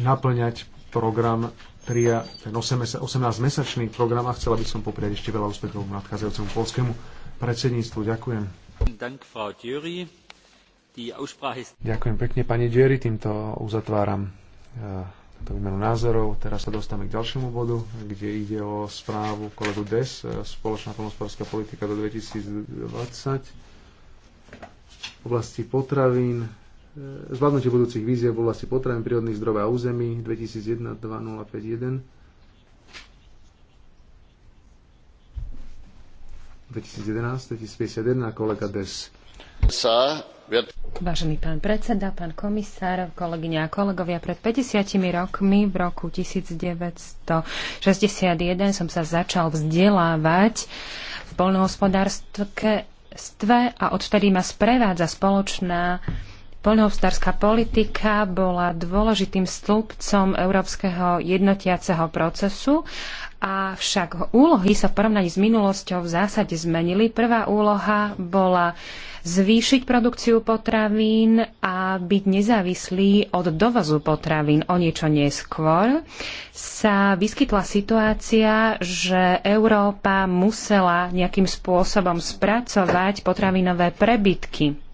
naplňať program tria, ten 18-mesačný program a chcela by som poprieť ešte veľa úspechov nadchádzajúcemu polskému predsedníctvu. Ďakujem. Ďakujem pekne, pani Dieri. Týmto uzatváram e, túto výmenu názorov. Teraz sa dostávame k ďalšiemu bodu, kde ide o správu kolegu DES, e, spoločná polnospodárska politika do 2020 v oblasti potravín, E, zvládnutie budúcich víziev v oblasti potravín prírodných zdrojov a území 2001-2051 2011-2051 kolega Des. Vážený pán predseda, pán komisár, kolegyne a kolegovia, pred 50 rokmi v roku 1961 som sa začal vzdelávať v polnohospodárstve a odtedy ma sprevádza spoločná Poľnohospodárska politika bola dôležitým stĺpcom európskeho jednotiaceho procesu, avšak úlohy sa v porovnaní s minulosťou v zásade zmenili. Prvá úloha bola zvýšiť produkciu potravín a byť nezávislý od dovozu potravín o niečo neskôr, sa vyskytla situácia, že Európa musela nejakým spôsobom spracovať potravinové prebytky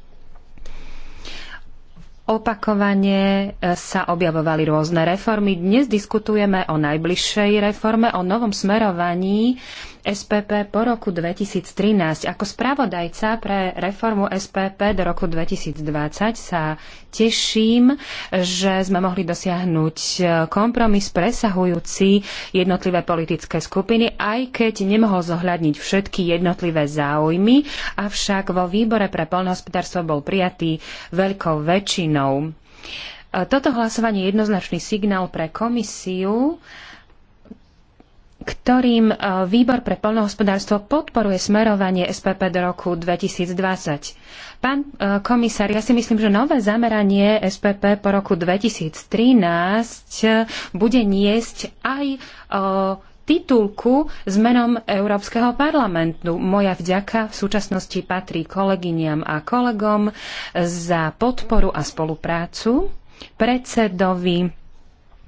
Opakovane e, sa objavovali rôzne reformy. Dnes diskutujeme o najbližšej reforme, o novom smerovaní SPP po roku 2013. Ako spravodajca pre reformu SPP do roku 2020 sa teším, že sme mohli dosiahnuť e, kompromis presahujúci jednotlivé politické skupiny, aj keď nemohol zohľadniť všetky jednotlivé záujmy, avšak vo výbore pre poľnohospodárstvo bol prijatý veľkou väčšinou. E, Toto hlasovanie je jednoznačný signál pre komisiu, ktorým e, Výbor pre poľnohospodárstvo podporuje smerovanie SPP do roku 2020. Pán e, komisár, ja si myslím, že nové zameranie SPP po roku 2013 e, bude niesť aj titulku s menom Európskeho parlamentu. Moja vďaka v súčasnosti patrí kolegyniam a kolegom za podporu a spoluprácu, predsedovi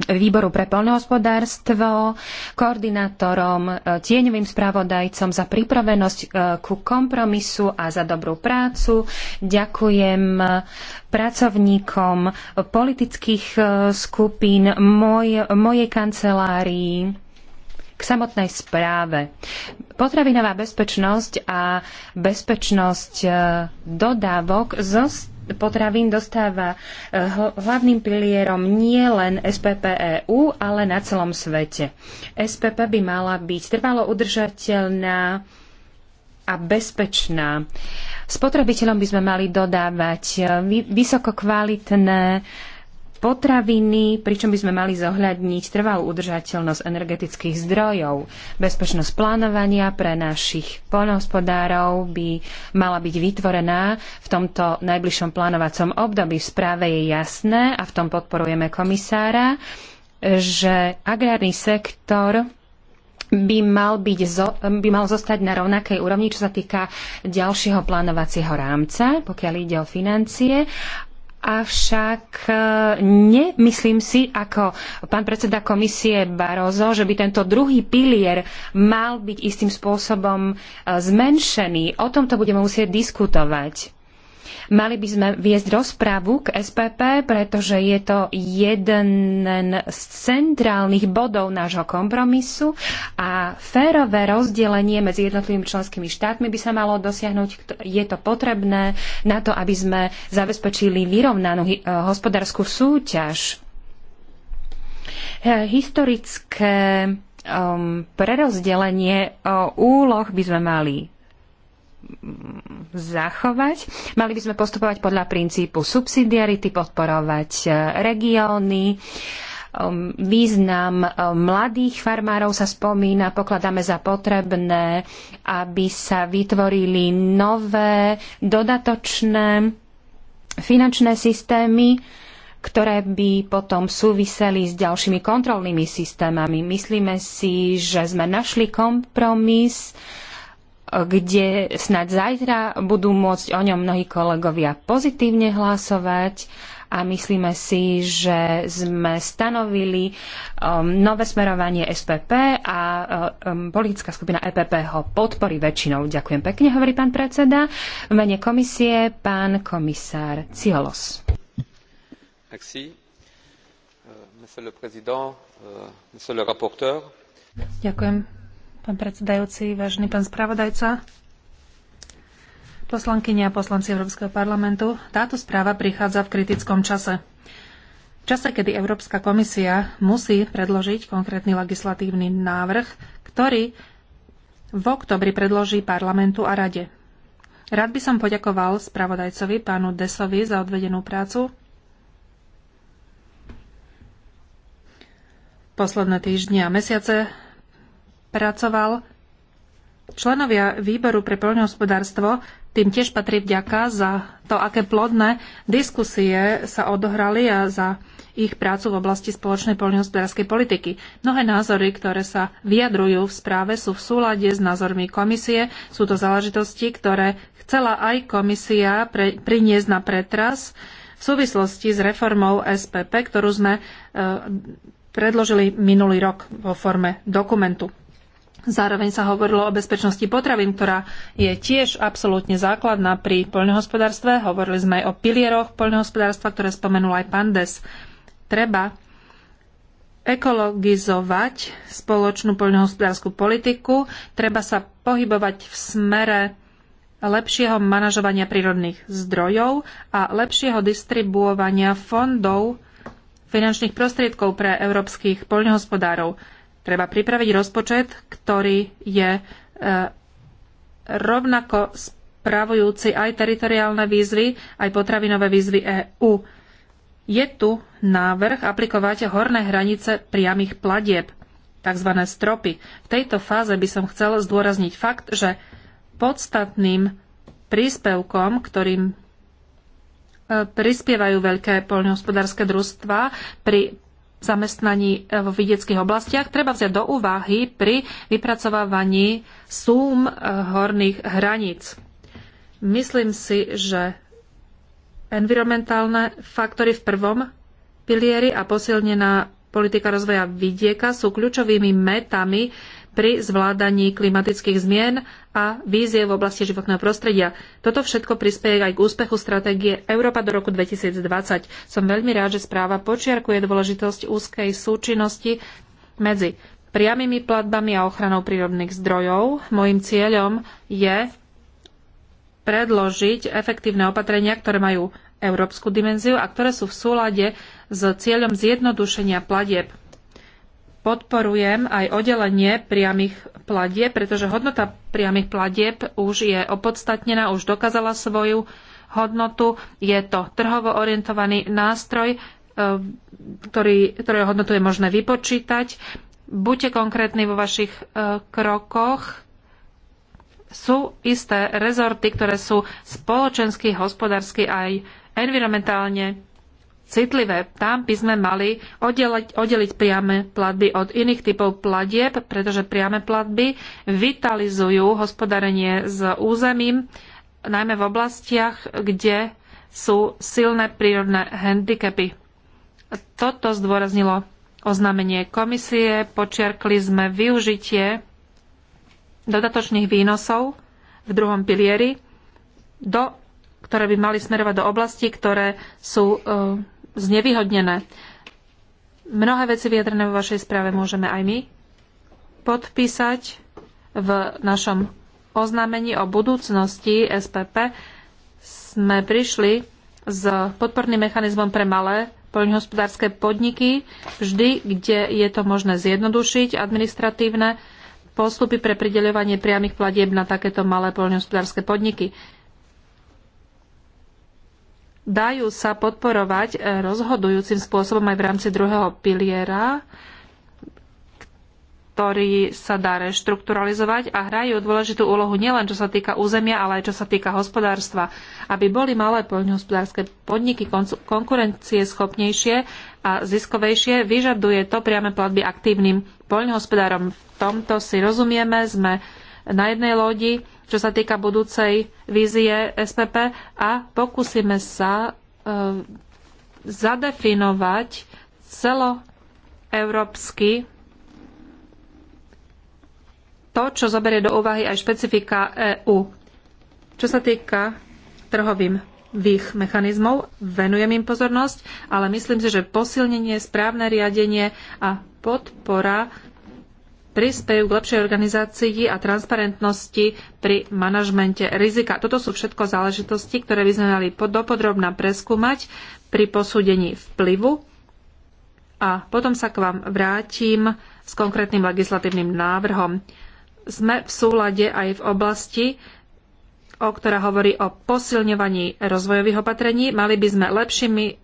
výboru pre poľnohospodárstvo, koordinátorom, e, tieňovým spravodajcom za pripravenosť e, ku kompromisu a za dobrú prácu. Ďakujem e, pracovníkom politických skupín, moj, mojej kancelárii, k samotnej správe. Potravinová bezpečnosť a bezpečnosť dodávok zostávajú potravín dostáva eh, hlavným pilierom nie len SPP EU, ale na celom svete. SPP by mala byť trvalo udržateľná a bezpečná. Spotrebiteľom by sme mali dodávať eh, vysokokvalitné potraviny, pričom by sme mali zohľadniť trvalú udržateľnosť energetických zdrojov. Bezpečnosť plánovania pre našich poľnohospodárov by mala byť vytvorená v tomto najbližšom plánovacom období. V správe je jasné, a v tom podporujeme komisára, že agrárny sektor by mal, byť, by mal zostať na rovnakej úrovni, čo sa týka ďalšieho plánovacieho rámca, pokiaľ ide o financie. Avšak e, nemyslím si, ako pán predseda komisie Barozo, že by tento druhý pilier mal byť istým spôsobom e, zmenšený. O tomto budeme musieť diskutovať. Mali by sme viesť rozprávu k SPP, pretože je to jeden z centrálnych bodov nášho kompromisu a férové rozdelenie medzi jednotlivými členskými štátmi by sa malo dosiahnuť. Je to potrebné na to, aby sme zabezpečili vyrovnanú eh, hospodárskú súťaž. Eh, historické ehm, prerozdelenie eh, úloh by sme mali zachovať. Mali by sme postupovať podľa princípu subsidiarity, podporovať e, regióny. Um, význam e, mladých farmárov sa spomína, pokladáme za potrebné, aby sa vytvorili nové dodatočné finančné systémy, ktoré by potom súviseli s ďalšími kontrolnými systémami. Myslíme si, že sme našli kompromis, kde snáď zajtra budú môcť o ňom mnohí kolegovia pozitívne hlasovať a myslíme si, že sme stanovili um, nové smerovanie SPP a uh, um, politická skupina EPP ho podporí väčšinou. Ďakujem pekne, hovorí pán predseda. V mene komisie pán komisár Ciolos. Merci. Uh, monsieur le président, uh, monsieur le rapporteur. Ďakujem, Pán predsedajúci, vážený pán spravodajca, poslankyne a poslanci Európskeho parlamentu, táto správa prichádza v kritickom čase. V čase, kedy Európska komisia musí predložiť konkrétny legislatívny návrh, ktorý v oktobri predloží parlamentu a rade. Rád by som poďakoval spravodajcovi pánu Desovi za odvedenú prácu. Posledné týždne a mesiace pracoval. Členovia výboru pre poľnohospodárstvo, tým tiež patrí vďaka za to, aké plodné diskusie sa odohrali a za ich prácu v oblasti spoločnej poľnohospodárskej politiky. Mnohé názory, ktoré sa vyjadrujú v správe, sú v súlade s názormi komisie. Sú to záležitosti, ktoré chcela aj komisia pre, priniesť na pretras v súvislosti s reformou SPP, ktorú sme e, predložili minulý rok vo forme dokumentu. Zároveň sa hovorilo o bezpečnosti potravín, ktorá je tiež absolútne základná pri poľnohospodárstve. Hovorili sme aj o pilieroch poľnohospodárstva, ktoré spomenul aj pán Des. Treba ekologizovať spoločnú poľnohospodárskú politiku, treba sa pohybovať v smere lepšieho manažovania prírodných zdrojov a lepšieho distribuovania fondov finančných prostriedkov pre európskych poľnohospodárov. Treba pripraviť rozpočet, ktorý je e, rovnako spravujúci aj teritoriálne výzvy, aj potravinové výzvy EÚ. Je tu návrh aplikovať horné hranice priamých platieb, tzv. stropy. V tejto fáze by som chcel zdôrazniť fakt, že podstatným príspevkom, ktorým e, prispievajú veľké poľnohospodárske družstva pri zamestnaní e, v vidieckých oblastiach treba vziať do úvahy pri vypracovávaní súm e, horných hraníc. Myslím si, že environmentálne faktory v prvom pilieri a posilnená politika rozvoja vidieka sú kľúčovými metami pri zvládaní klimatických zmien a vízie v oblasti životného prostredia. Toto všetko prispieje aj k úspechu stratégie Európa do roku 2020. Som veľmi rád, že správa počiarkuje dôležitosť úzkej súčinnosti medzi priamými platbami a ochranou prírodných zdrojov. Mojím cieľom je predložiť efektívne opatrenia, ktoré majú európsku dimenziu a ktoré sú v súlade s cieľom zjednodušenia platieb podporujem aj oddelenie priamých platieb, pretože hodnota priamých platieb už je opodstatnená, už dokázala svoju hodnotu. Je to trhovo orientovaný nástroj, eh, ktorý, ktorého hodnotu je možné vypočítať. Buďte konkrétni vo vašich eh, krokoch. Sú isté rezorty, ktoré sú spoločensky, hospodársky aj environmentálne citlivé. Tam by sme mali oddeliť, oddeliť priame platby od iných typov platieb, pretože priame platby vitalizujú hospodárenie s územím, najmä v oblastiach, kde sú silné prírodné handicapy. Toto zdôraznilo oznámenie komisie. Počiarkli sme využitie dodatočných výnosov v druhom pilieri, do, ktoré by mali smerovať do oblasti, ktoré sú e, znevýhodnené. Mnohé veci vyjadrené vo vašej správe môžeme aj my podpísať v našom oznámení o budúcnosti SPP. Sme prišli s podporným mechanizmom pre malé poľnohospodárske podniky vždy, kde je to možné zjednodušiť administratívne postupy pre prideľovanie priamých platieb na takéto malé poľnohospodárske podniky dajú sa podporovať e, rozhodujúcim spôsobom aj v rámci druhého piliera, ktorý sa dá reštrukturalizovať a hrajú dôležitú úlohu nielen čo sa týka územia, ale aj čo sa týka hospodárstva. Aby boli malé poľnohospodárske podniky schopnejšie a ziskovejšie, vyžaduje to priame platby aktívnym poľnohospodárom. V tomto si rozumieme, sme na jednej lodi, čo sa týka budúcej vízie SPP a pokúsime sa e, zadefinovať celoeurópsky to, čo zoberie do úvahy aj špecifika EÚ. Čo sa týka trhovým vých mechanizmov, venujem im pozornosť, ale myslím si, že posilnenie, správne riadenie a podpora prispejú k lepšej organizácii a transparentnosti pri manažmente rizika. Toto sú všetko záležitosti, ktoré by sme mali dopodrobná preskúmať pri posúdení vplyvu a potom sa k vám vrátim s konkrétnym legislatívnym návrhom. Sme v súlade aj v oblasti, o ktorá hovorí o posilňovaní rozvojových opatrení. Mali by sme lepšími e,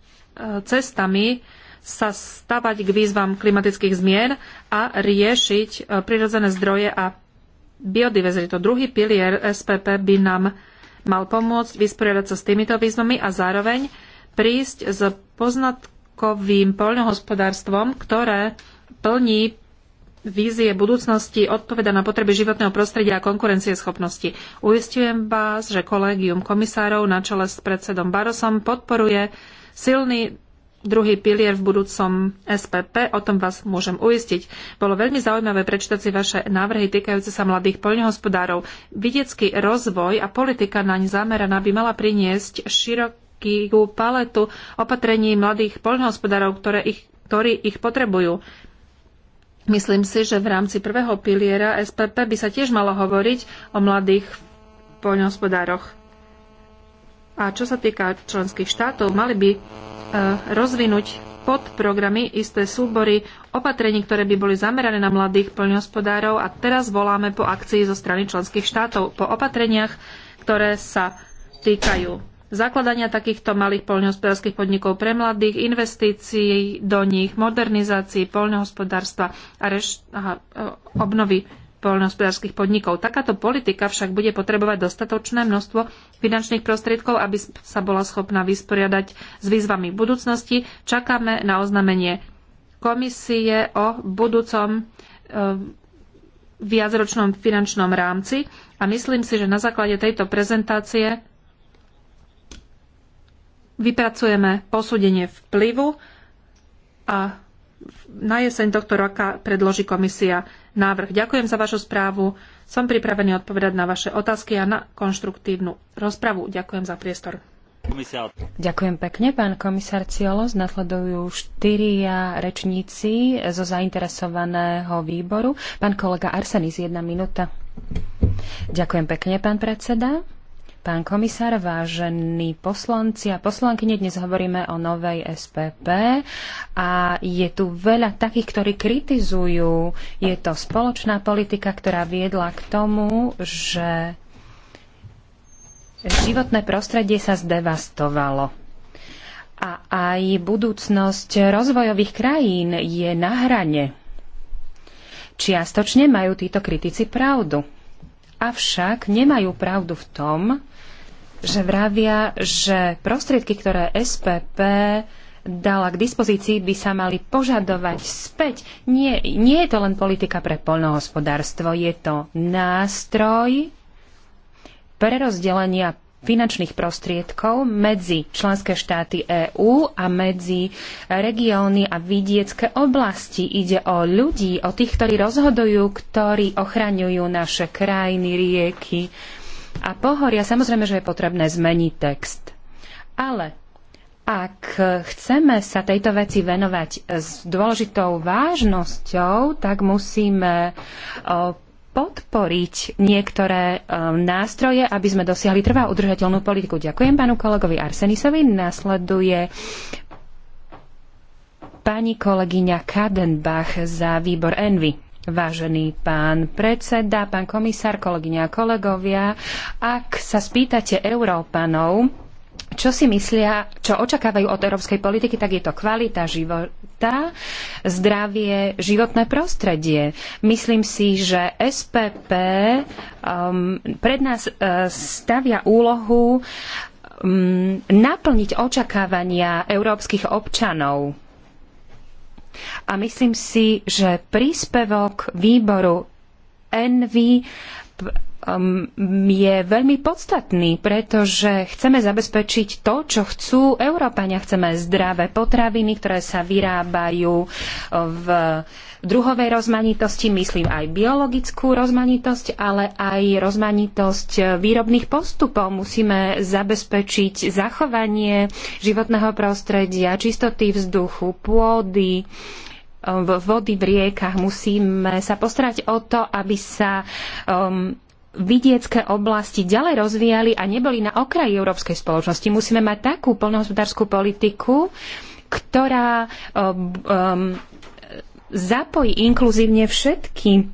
cestami sa stavať k výzvam klimatických zmien a riešiť e, prirodzené zdroje a biodiverzitu. Druhý pilier SPP by nám mal pomôcť vysporiadať sa s týmito výzvami a zároveň prísť s poznatkovým poľnohospodárstvom, ktoré plní vízie budúcnosti, odpoveda na potreby životného prostredia a konkurencieschopnosti. Uistujem vás, že kolégium komisárov na čele s predsedom Barosom podporuje silný druhý pilier v budúcom SPP, o tom vás môžem uistiť. Bolo veľmi zaujímavé prečítať si vaše návrhy týkajúce sa mladých poľnohospodárov. Vidiecký rozvoj a politika naň zameraná by mala priniesť širokú paletu opatrení mladých poľnohospodárov, ktoré ich, ktorí ich potrebujú. Myslím si, že v rámci prvého piliera SPP by sa tiež malo hovoriť o mladých poľnohospodároch. A čo sa týka členských štátov, mali by E, rozvinúť podprogramy, isté súbory opatrení, ktoré by boli zamerané na mladých poľnohospodárov a teraz voláme po akcii zo strany členských štátov, po opatreniach, ktoré sa týkajú zakladania takýchto malých poľnohospodárskych podnikov pre mladých, investícií do nich, modernizácií poľnohospodárstva a, reš- e, obnovy poľnohospodárskych podnikov. Takáto politika však bude potrebovať dostatočné množstvo finančných prostriedkov, aby sa bola schopná vysporiadať s výzvami v budúcnosti. Čakáme na oznámenie komisie o budúcom eh, viacročnom finančnom rámci a myslím si, že na základe tejto prezentácie vypracujeme posúdenie vplyvu a na jeseň tohto roka predloží komisia návrh. Ďakujem za vašu správu. Som pripravený odpovedať na vaše otázky a na konštruktívnu rozpravu. Ďakujem za priestor. Komisár. Ďakujem pekne, pán komisár Ciolos. Nasledujú štyria rečníci zo zainteresovaného výboru. Pán kolega Arsenis, jedna minúta. Ďakujem pekne, pán predseda. Pán komisár, vážení poslanci a poslankyne, dnes hovoríme o novej SPP a je tu veľa takých, ktorí kritizujú. Je to spoločná politika, ktorá viedla k tomu, že životné prostredie sa zdevastovalo. A aj budúcnosť rozvojových krajín je na hrane. Čiastočne majú títo kritici pravdu. Avšak nemajú pravdu v tom, že vravia, že prostriedky, ktoré SPP dala k dispozícii, by sa mali požadovať späť. Nie, nie je to len politika pre poľnohospodárstvo, je to nástroj prerozdelenia finančných prostriedkov medzi členské štáty EÚ a medzi regióny a vidiecké oblasti. Ide o ľudí, o tých, ktorí rozhodujú, ktorí ochraňujú naše krajiny, rieky, a pohoria, samozrejme, že je potrebné zmeniť text. Ale ak chceme sa tejto veci venovať s dôležitou vážnosťou, tak musíme podporiť niektoré nástroje, aby sme dosiahli trvá udržateľnú politiku. Ďakujem pánu kolegovi Arsenisovi. Nasleduje pani kolegyňa Kadenbach za výbor Envy. Vážený pán predseda, pán komisár, kolegyňa a kolegovia, ak sa spýtate Európanov, čo si myslia, čo očakávajú od európskej politiky, tak je to kvalita života, zdravie, životné prostredie. Myslím si, že SPP um, pred nás uh, stavia úlohu um, naplniť očakávania európskych občanov a myslím si, že príspevok výboru Envy Um, je veľmi podstatný, pretože chceme zabezpečiť to, čo chcú Európania. Chceme zdravé potraviny, ktoré sa vyrábajú uh, v druhovej rozmanitosti, myslím aj biologickú rozmanitosť, ale aj rozmanitosť uh, výrobných postupov. Musíme zabezpečiť zachovanie životného prostredia, čistoty vzduchu, pôdy, uh, vody v riekach. Musíme sa postarať o to, aby sa um, vidiecké oblasti ďalej rozvíjali a neboli na okraji európskej spoločnosti. Musíme mať takú polnohospodárskú politiku, ktorá um, um, zapojí inkluzívne všetky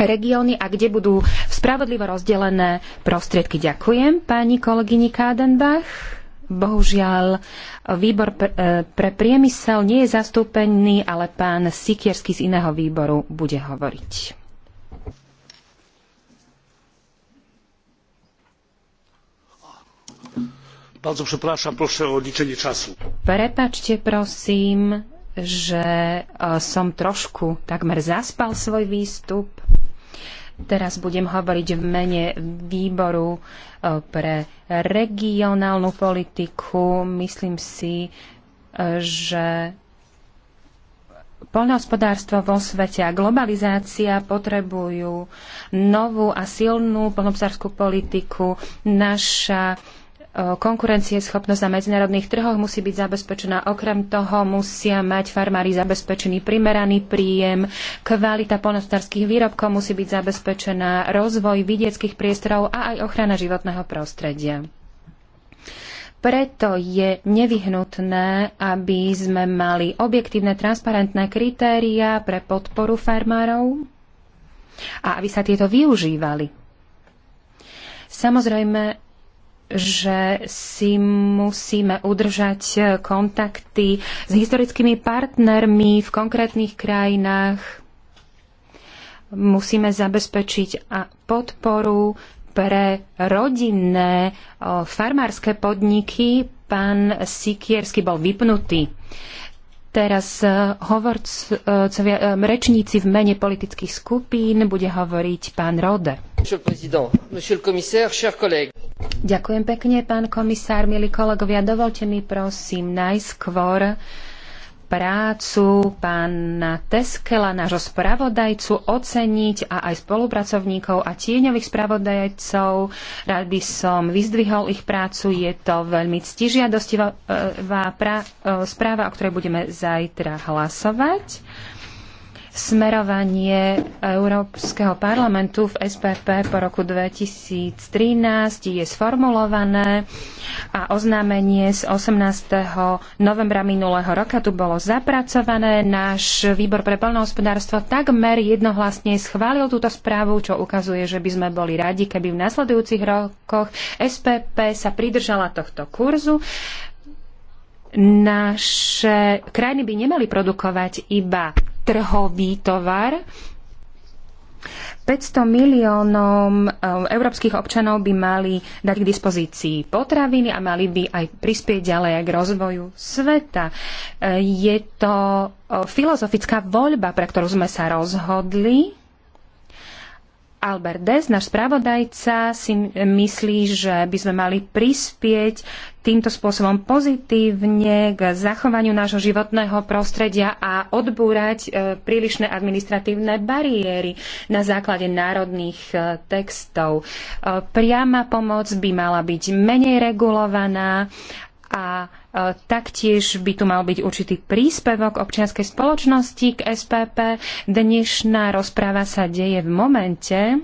regióny a kde budú spravodlivo rozdelené prostriedky. Ďakujem pani kolegyni Kádenbach. Bohužiaľ, výbor pre, e, pre priemysel nie je zastúpený, ale pán Sikierský z iného výboru bude hovoriť. Bardzo przepraszam, proszę o liczenie czasu. Prepačte prosím, že e, som trošku takmer zaspal svoj výstup. Teraz budem hovoriť v mene výboru e, pre regionálnu politiku. Myslím si, e, že Poľnohospodárstvo vo svete a globalizácia potrebujú novú a silnú poľnohospodárskú politiku. Naša konkurencieschopnosť na medzinárodných trhoch musí byť zabezpečená. Okrem toho musia mať farmári zabezpečený primeraný príjem, kvalita polnospodárských výrobkov musí byť zabezpečená, rozvoj vidieckých priestorov a aj ochrana životného prostredia. Preto je nevyhnutné, aby sme mali objektívne, transparentné kritéria pre podporu farmárov a aby sa tieto využívali. Samozrejme, že si musíme udržať kontakty s historickými partnermi v konkrétnych krajinách. Musíme zabezpečiť podporu pre rodinné farmárske podniky. Pán Sikiersky bol vypnutý. Teraz e, hovorcovia, e, e, rečníci v mene politických skupín bude hovoriť pán Rode. Monsieur le Président, Monsieur le Commissaire, chers collègues. Ďakujem pekne, pán komisár, milí kolegovia. Dovolte mi prosím najskôr prácu pána Teskela, nášho spravodajcu, oceniť a aj spolupracovníkov a tieňových spravodajcov. Rád by som vyzdvihol ich prácu. Je to veľmi ctižiadostivá eh, eh, správa, o ktorej budeme zajtra hlasovať smerovanie Európskeho parlamentu v SPP po roku 2013 je sformulované a oznámenie z 18. novembra minulého roka tu bolo zapracované. Náš výbor pre poľnohospodárstvo takmer jednohlasne schválil túto správu, čo ukazuje, že by sme boli radi, keby v nasledujúcich rokoch SPP sa pridržala tohto kurzu naše krajiny by nemali produkovať iba trhový tovar. 500 miliónom eh, európskych občanov by mali dať k dispozícii potraviny a mali by aj prispieť ďalej k rozvoju sveta. Eh, je to eh, filozofická voľba, pre ktorú sme sa rozhodli. Albert Des, náš spravodajca, si myslí, že by sme mali prispieť týmto spôsobom pozitívne k zachovaniu nášho životného prostredia a odbúrať e, prílišné administratívne bariéry na základe národných e, textov. E, priama pomoc by mala byť menej regulovaná a taktiež by tu mal byť určitý príspevok občianskej spoločnosti k SPP. Dnešná rozpráva sa deje v momente,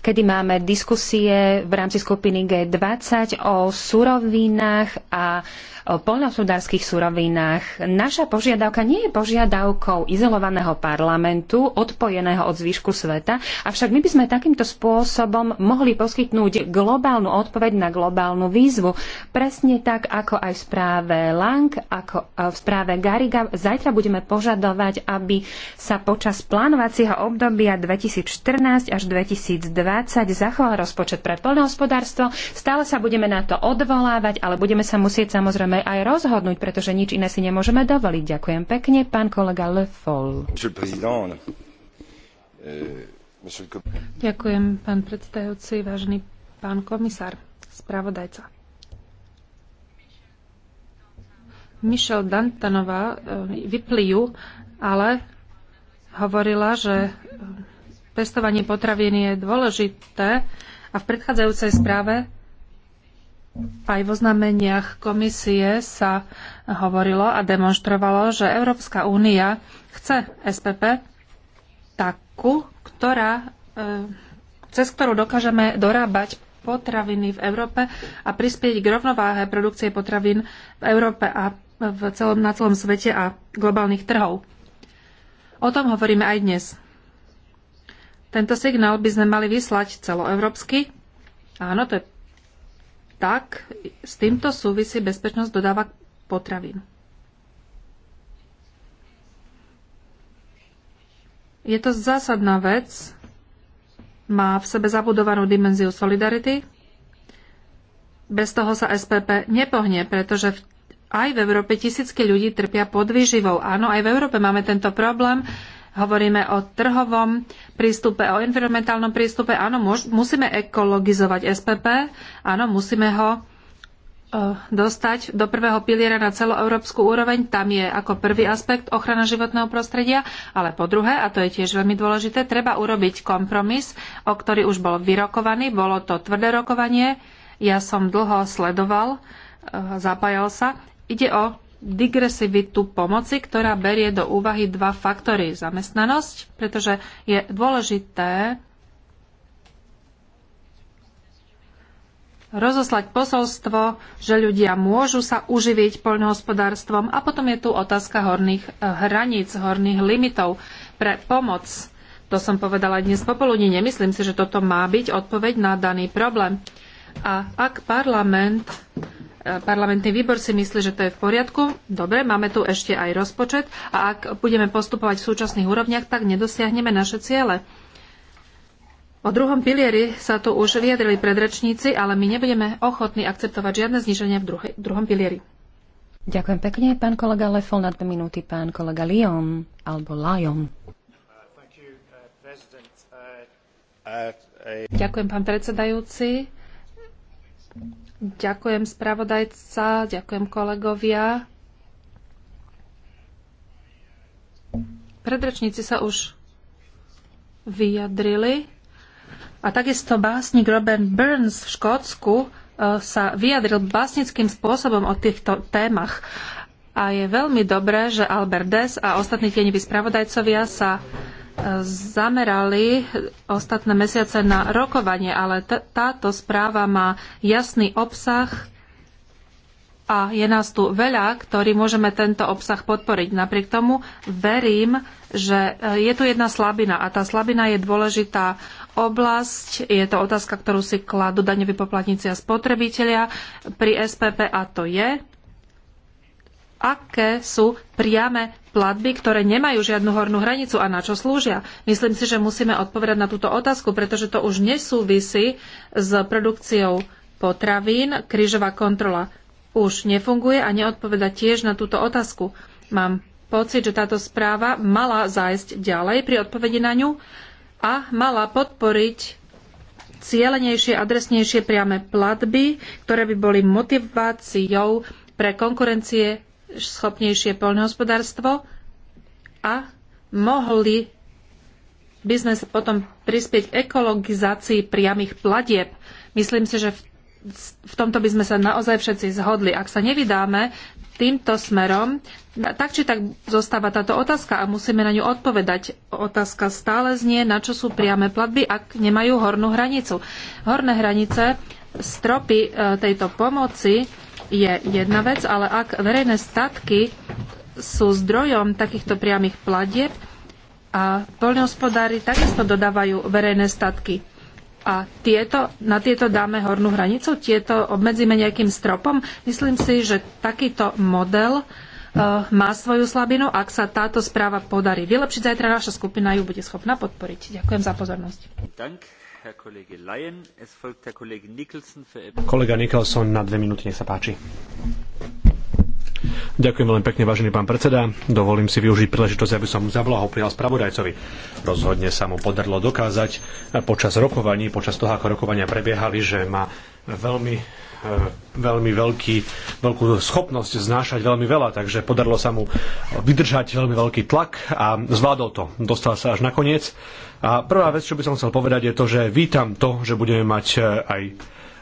kedy máme diskusie v rámci skupiny G20 o surovinách a o poľnohospodárských surovinách. Naša požiadavka nie je požiadavkou izolovaného parlamentu, odpojeného od zvyšku sveta, avšak my by sme takýmto spôsobom mohli poskytnúť globálnu odpoveď na globálnu výzvu. Presne tak, ako aj v správe Lang, ako e, v správe Gariga. Zajtra budeme požadovať, aby sa počas plánovacieho obdobia 2014 až 2020 zachoval rozpočet pre poľnohospodárstvo. Stále sa budeme na to odvolávať, ale budeme sa musieť samozrejme aj rozhodnúť, pretože nič iné si nemôžeme dovoliť. Ďakujem pekne, pán kolega Le Foll. Euh, Ďakujem, pán predstavujúci, vážený pán komisár, spravodajca. Michelle Dantanova e, vyplijú, ale hovorila, že pestovanie potravín je dôležité a v predchádzajúcej správe aj vo znameniach komisie sa hovorilo a demonstrovalo, že Európska únia chce SPP takú, ktorá, e, cez ktorú dokážeme dorábať potraviny v Európe a prispieť k rovnováhe produkcie potravín v Európe a v celom, na celom svete a globálnych trhov. O tom hovoríme aj dnes. Tento signál by sme mali vyslať celoeurópsky. Áno, to je tak. S týmto súvisí bezpečnosť dodávok potravín. Je to zásadná vec. Má v sebe zabudovanú dimenziu solidarity. Bez toho sa SPP nepohne, pretože aj v Európe tisícky ľudí trpia pod výživou. Áno, aj v Európe máme tento problém. Hovoríme o trhovom prístupe, o environmentálnom prístupe. Áno, musíme ekologizovať SPP. Áno, musíme ho e, dostať do prvého piliera na celoeurópsku úroveň. Tam je ako prvý aspekt ochrana životného prostredia, ale po druhé, a to je tiež veľmi dôležité, treba urobiť kompromis, o ktorý už bol vyrokovaný. Bolo to tvrdé rokovanie, ja som dlho sledoval, e, zapájal sa. Ide o digresivitu pomoci, ktorá berie do úvahy dva faktory. Zamestnanosť, pretože je dôležité rozoslať posolstvo, že ľudia môžu sa uživiť poľnohospodárstvom a potom je tu otázka horných eh, hraníc, horných limitov pre pomoc. To som povedala dnes popoludní. Nemyslím si, že toto má byť odpoveď na daný problém. A ak parlament parlamentný výbor si myslí, že to je v poriadku. Dobre, máme tu ešte aj rozpočet a ak budeme postupovať v súčasných úrovniach, tak nedosiahneme naše ciele. O druhom pilieri sa tu už vyjadrili predrečníci, ale my nebudeme ochotní akceptovať žiadne zniženie v druhom pilieri. Ďakujem pekne, pán kolega Lefol, na dve minúty pán kolega Lyon alebo Lyon. Uh, uh, uh, Ďakujem, pán predsedajúci. Ďakujem spravodajca, ďakujem kolegovia. Predrečníci sa už vyjadrili. A takisto básnik Robert Burns v Škótsku e, sa vyjadril básnickým spôsobom o týchto témach. A je veľmi dobré, že Albert Des a ostatní tieňoví spravodajcovia sa zamerali ostatné mesiace na rokovanie, ale táto správa má jasný obsah a je nás tu veľa, ktorí môžeme tento obsah podporiť. Napriek tomu verím, že e, je tu jedna slabina a tá slabina je dôležitá oblasť, je to otázka, ktorú si kladú daňoví poplatníci a spotrebitelia pri SPP a to je, aké sú priame platby, ktoré nemajú žiadnu hornú hranicu a na čo slúžia. Myslím si, že musíme odpovedať na túto otázku, pretože to už nesúvisí s produkciou potravín. Krížová kontrola už nefunguje a neodpoveda tiež na túto otázku. Mám pocit, že táto správa mala zájsť ďalej pri odpovedi na ňu a mala podporiť cielenejšie, adresnejšie priame platby, ktoré by boli motiváciou pre konkurencie schopnejšie poľnohospodárstvo a mohli by sme sa potom prispieť k ekologizácii priamých platieb. Myslím si, že v, v tomto by sme sa naozaj všetci zhodli. Ak sa nevydáme týmto smerom, tak či tak zostáva táto otázka a musíme na ňu odpovedať. Otázka stále znie, na čo sú priame platby, ak nemajú hornú hranicu. Horné hranice, stropy e, tejto pomoci je jedna vec, ale ak verejné statky sú zdrojom takýchto priamých platieb a poľnohospodári takisto dodávajú verejné statky. A tieto, na tieto dáme hornú hranicu, tieto obmedzíme nejakým stropom. Myslím si, že takýto model eh, má svoju slabinu. Ak sa táto správa podarí vylepšiť, zajtra naša skupina ju bude schopná podporiť. Ďakujem za pozornosť. Ďakujem. E Kolega Nicholson na dve minúty, nech sa páči. Ďakujem veľmi pekne, vážený pán predseda. Dovolím si využiť príležitosť, aby som zablahoprial spravodajcovi. Rozhodne sa mu podarilo dokázať eh, počas rokovaní, počas toho, ako rokovania prebiehali, že má veľmi eh, veľmi veľký, veľkú schopnosť znášať veľmi veľa, takže podarilo sa mu vydržať veľmi veľký tlak a zvládol to. Dostal sa až nakoniec. A prvá vec, čo by som chcel povedať, je to, že vítam to, že budeme mať eh, aj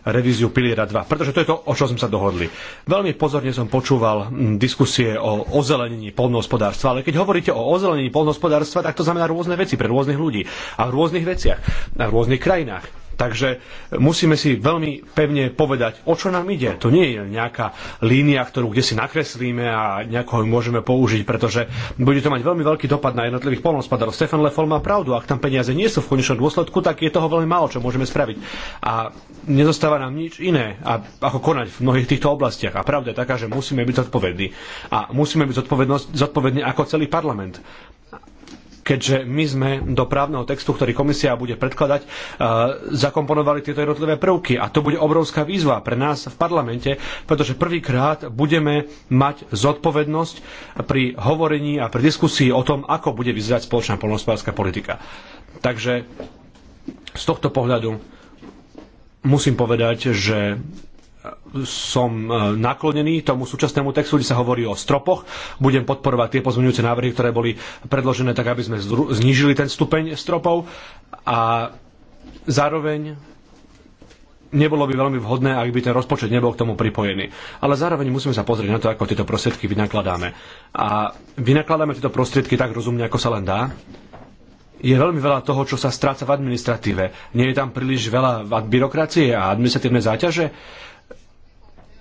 revíziu piliera 2, pretože to je to, o čo sme sa dohodli. Veľmi pozorne som počúval mm, diskusie o ozelenení polnohospodárstva, ale keď hovoríte o ozelenení polnohospodárstva, tak to znamená rôzne veci pre rôznych ľudí a v rôznych veciach a v rôznych krajinách. Takže musíme si veľmi pevne povedať, o čo nám ide. To nie je nejaká línia, ktorú kde si nakreslíme a nejako ju môžeme použiť, pretože bude to mať veľmi veľký dopad na jednotlivých polnospodárov. Stefan Lefol má pravdu, ak tam peniaze nie sú v konečnom dôsledku, tak je toho veľmi málo, čo môžeme spraviť. A nezostáva nám nič iné, ako konať v mnohých týchto oblastiach. A pravda je taká, že musíme byť zodpovední. A musíme byť zodpovední ako celý parlament keďže my sme do právneho textu, ktorý komisia bude predkladať, e, zakomponovali tieto jednotlivé prvky. A to bude obrovská výzva pre nás v parlamente, pretože prvýkrát budeme mať zodpovednosť pri hovorení a pri diskusii o tom, ako bude vyzerať spoločná poľnohospodárska politika. Takže z tohto pohľadu musím povedať, že som e, naklonený tomu súčasnému textu, kde sa hovorí o stropoch. Budem podporovať tie pozmeňujúce návrhy, ktoré boli predložené tak, aby sme znížili ten stupeň stropov. A zároveň nebolo by veľmi vhodné, ak by ten rozpočet nebol k tomu pripojený. Ale zároveň musíme sa pozrieť na to, ako tieto prostriedky vynakladáme. A vynakladáme tieto prostriedky tak rozumne, ako sa len dá. Je veľmi veľa toho, čo sa stráca v administratíve. Nie je tam príliš veľa byrokracie a administratívne záťaže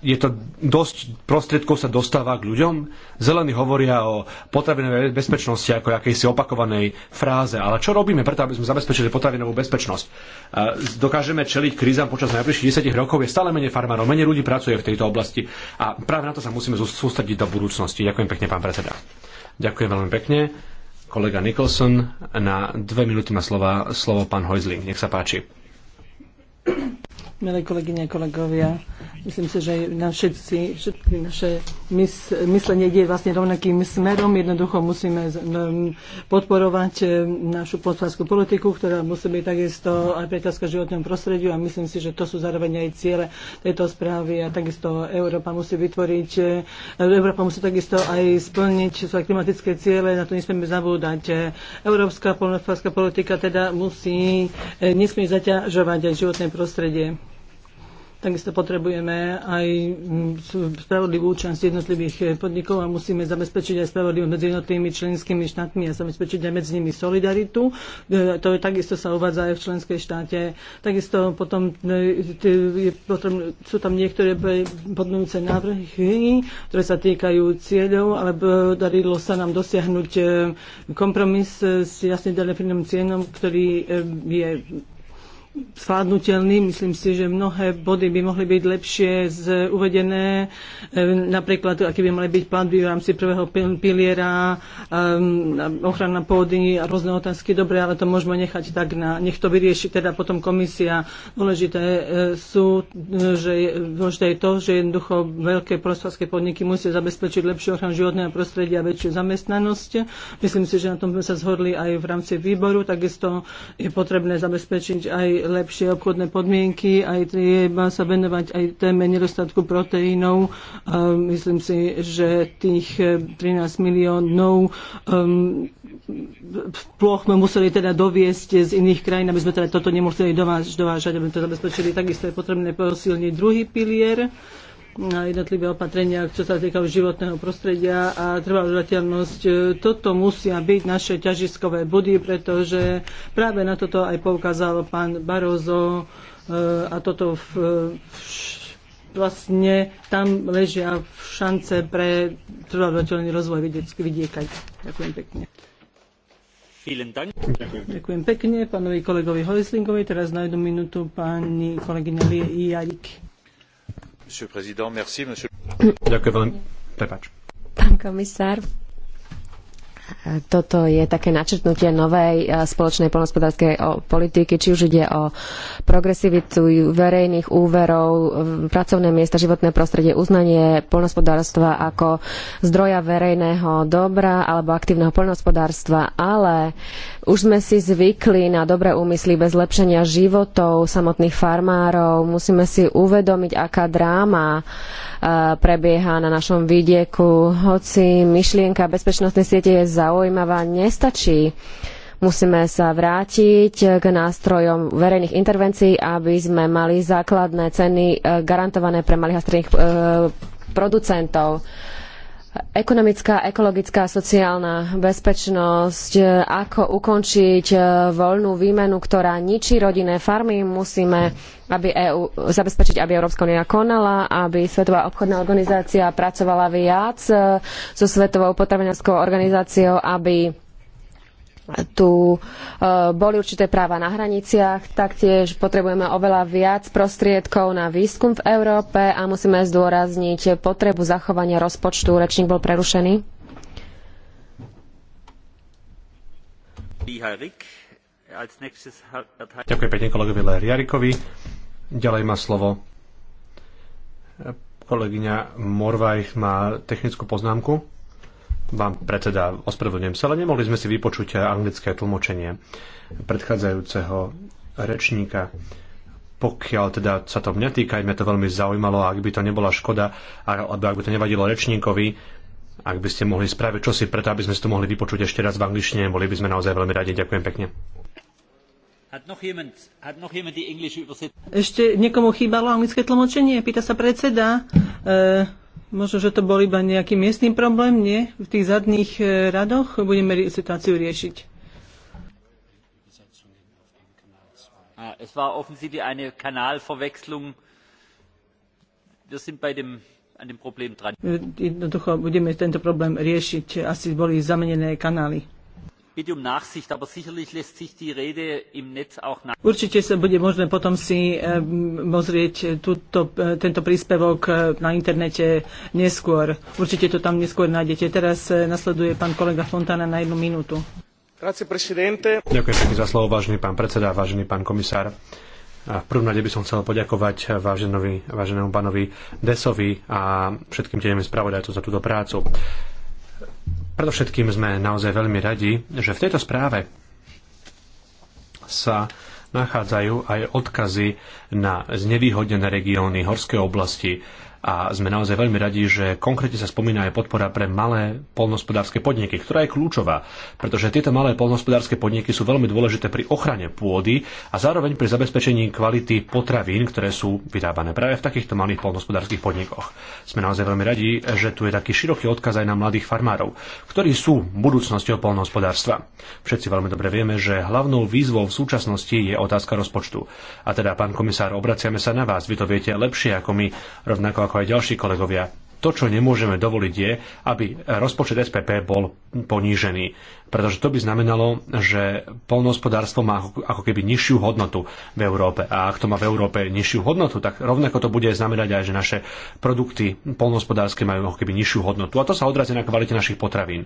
je to dosť prostriedkov sa dostáva k ľuďom. Zelení hovoria o potravinovej bezpečnosti ako akejsi opakovanej fráze, ale čo robíme preto, aby sme zabezpečili potravinovú bezpečnosť? E, dokážeme čeliť krízam počas najbližších 10 rokov, je stále menej farmárov, menej ľudí pracuje v tejto oblasti a práve na to sa musíme sústrediť do budúcnosti. Ďakujem pekne, pán predseda. Ďakujem veľmi pekne. Kolega Nicholson na dve minúty má slova, slovo pán Hojzling. Nech sa páči. Milé kolegyne, kolegovia, myslím si, že na všetci, všetky naše mys, myslenie ide vlastne rovnakým smerom. Jednoducho musíme podporovať e, našu podpásku politiku, ktorá musí byť takisto aj priateľská životnému prostrediu a myslím si, že to sú zároveň aj ciele tejto správy a takisto Európa musí vytvoriť, e, Európa musí takisto aj splniť svoje klimatické ciele, na to nesmieme zabúdať. E, európska polnospodárska politika teda musí, nesmie zaťažovať aj životné prostredie. Takisto potrebujeme aj mm, spravodlivú účasť jednotlivých eh, podnikov a musíme zabezpečiť aj spravodlivosť medzi jednotlivými členskými štátmi a zabezpečiť aj medzi nimi solidaritu. Eh, to je, takisto sa uvádza aj v členskej štáte. Takisto potom eh, je sú tam niektoré podnúce návrhy, ktoré sa týkajú cieľov, ale darilo sa nám dosiahnuť kompromis s jasne definovaným cieľom, ktorý je zvládnutelný. Myslím si, že mnohé body by mohli byť lepšie z, uvedené. E, napríklad, aké by mali byť platby v rámci prvého piliera, e, ochrana pôdy a rôzne otázky. Dobre, ale to môžeme nechať tak na... Nech to vyrieši teda potom komisia. Dôležité e, sú, že dôležité je to, že jednoducho veľké prostorské podniky musia zabezpečiť lepšiu ochranu životného prostredia a väčšiu zamestnanosť. Myslím si, že na tom sme sa zhodli aj v rámci výboru. Takisto je potrebné zabezpečiť aj lepšie obchodné podmienky, aj treba sa venovať aj téme nedostatku proteínov. myslím si, že tých 13 eh, miliónov ehm, ploch sme museli teda doviesť z iných krajín, aby sme teda toto nemuseli dovážať, aby sme to zabezpečili. Takisto je potrebné posilniť druhý pilier na jednotlivé opatrenia, čo sa týka životného prostredia a trvalá udržateľnosť. E, toto musia byť naše ťažiskové body, pretože práve na toto aj poukázal pán Barozo e, a toto v, v, vlastne tam ležia šance pre udržateľný rozvoj vidieka. Ďakujem pekne. Ďakujem. pekne pánovi kolegovi Hojslingovi. Teraz na jednu minútu pani kolegyňa Jarik. Ďakujem veľmi. Prepač. Pán komisár, toto je také načrtnutie novej e, spoločnej polnospodárskej politiky, či už ide o progresivitu verejných úverov, pracovné miesta, životné prostredie, uznanie polnospodárstva ako zdroja verejného dobra alebo aktívneho polnospodárstva, ale už sme si zvykli na dobré úmysly bez zlepšenia životov samotných farmárov. Musíme si uvedomiť, aká dráma Eh, prebieha na našom vidieku. Hoci myšlienka bezpečnostnej siete je zaujímavá, nestačí. Musíme sa vrátiť k nástrojom verejných intervencií, aby sme mali základné ceny eh, garantované pre malých a stredných eh, producentov ekonomická, ekologická, sociálna bezpečnosť, ako ukončiť e, voľnú výmenu, ktorá ničí rodinné farmy. Musíme aby EU, zabezpečiť, aby Európska únia konala, aby Svetová obchodná organizácia pracovala viac e, so Svetovou potravinárskou organizáciou, aby tu e, boli určité práva na hraniciach, taktiež potrebujeme oveľa viac prostriedkov na výskum v Európe a musíme zdôrazniť potrebu zachovania rozpočtu. Rečník bol prerušený. Ďakujem pekne kolegovi Ďalej má slovo kolegyňa Morvaj má technickú poznámku vám predseda, ospravedlňujem sa, ale nemohli sme si vypočuť anglické tlmočenie predchádzajúceho rečníka. Pokiaľ teda sa to mňa týka, mňa to veľmi zaujímalo, ak by to nebola škoda, alebo ak by to nevadilo rečníkovi, ak by ste mohli spraviť čosi preto, aby sme si to mohli vypočuť ešte raz v angličtine, boli by sme naozaj veľmi radi. Ďakujem pekne. Ešte niekomu chýbalo anglické tlmočenie? Pýta sa predseda. E, Možno, že to bol iba nejaký miestný problém, nie? V tých zadných e, radoch budeme situáciu riešiť. Es war offensichtlich eine Kanalverwechslung. Wir sind bei dem, an dem Problem dran. E, jednoducho budeme tento problém riešiť. Asi boli zamenené kanály. Určite sa bude možné potom si eh, pozrieť eh, túto, eh, tento príspevok na internete neskôr. Určite to tam neskôr nájdete. Teraz nasleduje pán kolega Fontana na jednu minútu. Ďakujem pekne za slovo, vážený pán predseda, vážený pán komisár. A v prvom rade by som chcel poďakovať váženovi, váženému pánovi Desovi a všetkým tieňom spravodajcom za túto prácu. Predovšetkým sme naozaj veľmi radi, že v tejto správe sa nachádzajú aj odkazy na znevýhodnené regióny, horské oblasti, a sme naozaj veľmi radi, že konkrétne sa spomína aj podpora pre malé polnospodárske podniky, ktorá je kľúčová, pretože tieto malé polnospodárske podniky sú veľmi dôležité pri ochrane pôdy a zároveň pri zabezpečení kvality potravín, ktoré sú vyrábané práve v takýchto malých polnospodárskych podnikoch. Sme naozaj veľmi radi, že tu je taký široký odkaz aj na mladých farmárov, ktorí sú budúcnosťou polnospodárstva. Všetci veľmi dobre vieme, že hlavnou výzvou v súčasnosti je otázka rozpočtu. A teda, pán komisár, obraciame sa na vás. Vy to viete lepšie ako my, rovnako ako aj ďalší kolegovia. To, čo nemôžeme dovoliť, je, aby rozpočet SPP bol ponížený pretože to by znamenalo, že polnohospodárstvo má ako keby nižšiu hodnotu v Európe. A ak to má v Európe nižšiu hodnotu, tak rovnako to bude znamenať aj, že naše produkty polnohospodárske majú ako keby nižšiu hodnotu. A to sa odrazí na kvalite našich potravín.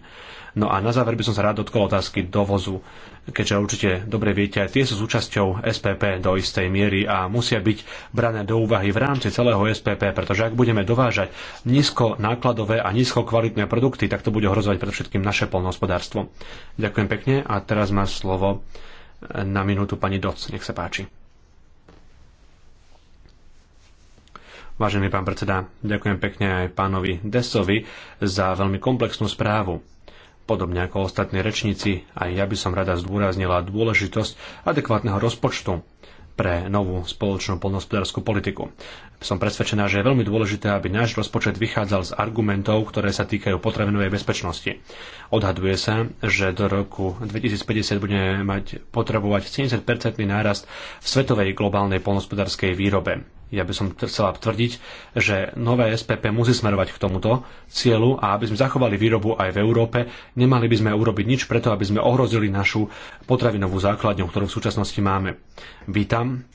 No a na záver by som sa rád dotkol otázky dovozu, keďže určite dobre viete, aj tie sú súčasťou SPP do istej miery a musia byť brané do úvahy v rámci celého SPP, pretože ak budeme dovážať nízko nákladové a nízko kvalitné produkty, tak to bude hrozovať predovšetkým naše polnohospodárstvo. Ďakujem pekne a teraz má slovo e, na minútu pani Doc. Nech sa páči. Vážený pán predseda, ďakujem pekne aj pánovi Desovi za veľmi komplexnú správu. Podobne ako ostatní rečníci, aj ja by som rada zdôraznila dôležitosť adekvátneho rozpočtu pre novú spoločnú poľnohospodárskú politiku. Som presvedčená, že je veľmi dôležité, aby náš rozpočet vychádzal z argumentov, ktoré sa týkajú potravinovej bezpečnosti. Odhaduje sa, že do roku 2050 budeme mať potrebovať 70-percentný nárast v svetovej globálnej poľnohospodárskej výrobe ja by som chcela tvrdiť, že nové SPP musí smerovať k tomuto cieľu a aby sme zachovali výrobu aj v Európe, nemali by sme urobiť nič preto, aby sme ohrozili našu potravinovú základňu, ktorú v súčasnosti máme. Vítam